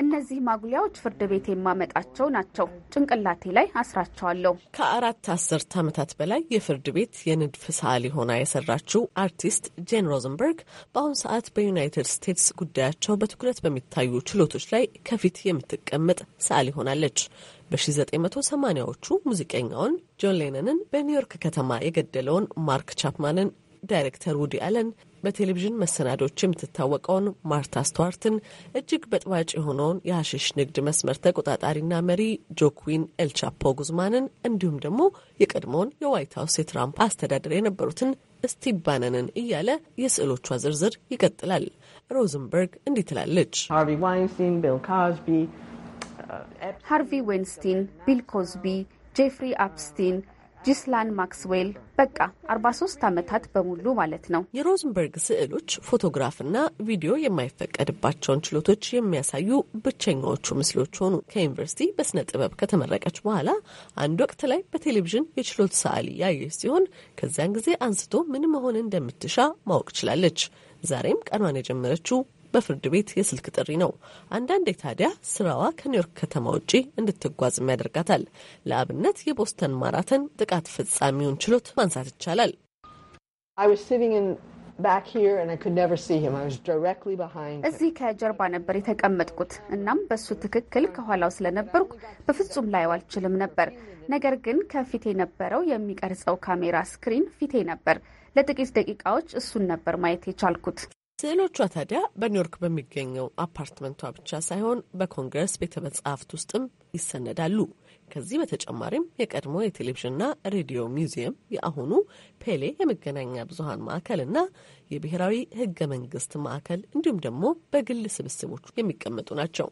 እነዚህ ማጉያዎች ፍርድ ቤት የማመጣቸው ናቸው። ጭንቅላቴ ላይ አስራቸዋለሁ። ከአራት አስርት ዓመታት በላይ የፍርድ ቤት የንድፍ ሰዓሊ ሆና የሰራችው አርቲስት ጄን ሮዘንበርግ በአሁኑ ሰዓት በዩናይትድ ስቴትስ ጉዳያቸው በትኩረት በሚታዩ ችሎቶች ላይ ከፊት የምትቀመጥ ሰዓሊ ሆናለች። በ1980ዎቹ ሙዚቀኛውን ጆን ሌነንን፣ በኒውዮርክ ከተማ የገደለውን ማርክ ቻፕማንን ዳይሬክተር ውዲ አለን በቴሌቪዥን መሰናዶች የምትታወቀውን ማርታ ስቱዋርትን እጅግ በጥባጭ የሆነውን የሐሽሽ ንግድ መስመር ተቆጣጣሪና መሪ ጆኩዊን ኤልቻፖ ጉዝማንን እንዲሁም ደግሞ የቀድሞውን የዋይት ሀውስ የትራምፕ አስተዳደር የነበሩትን ስቲቭ ባነንን እያለ የስዕሎቿ ዝርዝር ይቀጥላል። ሮዝንበርግ እንዲህ ትላለች። ሃርቪ ዌንስቲን፣ ቢል ኮዝቢ፣ ጄፍሪ አፕስቲን ጂስላን ማክስዌል በቃ 43 ዓመታት በሙሉ ማለት ነው። የሮዝንበርግ ስዕሎች ፎቶግራፍና ቪዲዮ የማይፈቀድባቸውን ችሎቶች የሚያሳዩ ብቸኛዎቹ ምስሎች ሆኑ። ከዩኒቨርሲቲ በስነ ጥበብ ከተመረቀች በኋላ አንድ ወቅት ላይ በቴሌቪዥን የችሎት ሰዓሊ ያየች ሲሆን ከዚያን ጊዜ አንስቶ ምን መሆን እንደምትሻ ማወቅ ችላለች። ዛሬም ቀኗን የጀመረችው በፍርድ ቤት የስልክ ጥሪ ነው። አንዳንዴ ታዲያ ስራዋ ከኒውዮርክ ከተማ ውጪ እንድትጓዝም ያደርጋታል። ለአብነት የቦስተን ማራተን ጥቃት ፍጻሜውን ችሎት ማንሳት ይቻላል። እዚህ ከጀርባ ነበር የተቀመጥኩት። እናም በሱ ትክክል ከኋላው ስለነበርኩ በፍጹም ላየው አልችልም ነበር። ነገር ግን ከፊት የነበረው የሚቀርጸው ካሜራ ስክሪን ፊቴ ነበር። ለጥቂት ደቂቃዎች እሱን ነበር ማየት የቻልኩት። ስዕሎቿ ታዲያ በኒውዮርክ በሚገኘው አፓርትመንቷ ብቻ ሳይሆን በኮንግረስ ቤተ መጻሕፍት ውስጥም ይሰነዳሉ። ከዚህ በተጨማሪም የቀድሞ የቴሌቪዥንና ሬዲዮ ሚውዚየም፣ የአሁኑ ፔሌ የመገናኛ ብዙኃን ማዕከልና የብሔራዊ ህገ መንግስት ማዕከል እንዲሁም ደግሞ በግል ስብስቦች የሚቀመጡ ናቸው።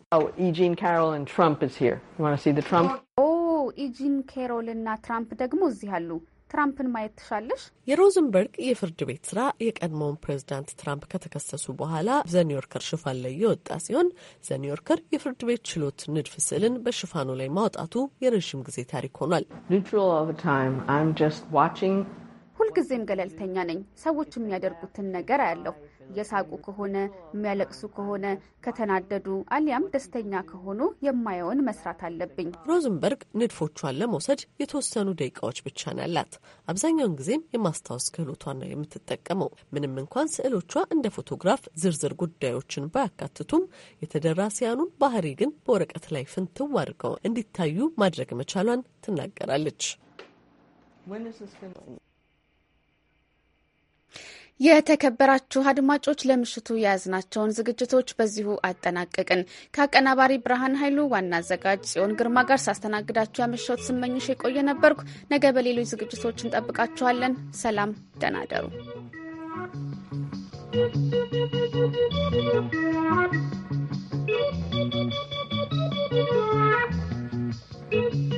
ኢጂን oh, ኢጂን oh, እና ትራምፕ ደግሞ እዚህ አሉ። ትራምፕን ማየት ትሻለሽ? የሮዝንበርግ የፍርድ ቤት ስራ የቀድሞውን ፕሬዚዳንት ትራምፕ ከተከሰሱ በኋላ ዘኒዮርከር ሽፋን ላይ የወጣ ሲሆን ዘኒዮርከር የፍርድ ቤት ችሎት ንድፍ ስዕልን በሽፋኑ ላይ ማውጣቱ የረዥም ጊዜ ታሪክ ሆኗል። ሁልጊዜም ገለልተኛ ነኝ። ሰዎች የሚያደርጉትን ነገር አያለሁ። የሳቁ ከሆነ የሚያለቅሱ ከሆነ ከተናደዱ አሊያም ደስተኛ ከሆኑ የማየውን መስራት አለብኝ። ሮዝንበርግ ንድፎቿን ለመውሰድ የተወሰኑ ደቂቃዎች ብቻ ነው ያላት። አብዛኛውን ጊዜም የማስታወስ ክህሎቷን ነው የምትጠቀመው። ምንም እንኳን ስዕሎቿ እንደ ፎቶግራፍ ዝርዝር ጉዳዮችን ባያካትቱም የተደራሲያኑን ባህሪ ግን በወረቀት ላይ ፍንትው አድርገው እንዲታዩ ማድረግ መቻሏን ትናገራለች። የተከበራችሁ አድማጮች ለምሽቱ የያዝናቸውን ዝግጅቶች በዚሁ አጠናቀቅን። ከአቀናባሪ ብርሃን ኃይሉ፣ ዋና አዘጋጅ ጽዮን ግርማ ጋር ሳስተናግዳችሁ ያመሸሁት ስመኝሽ የቆየ ነበርኩ። ነገ በሌሎች ዝግጅቶች እንጠብቃችኋለን። ሰላም፣ ደህና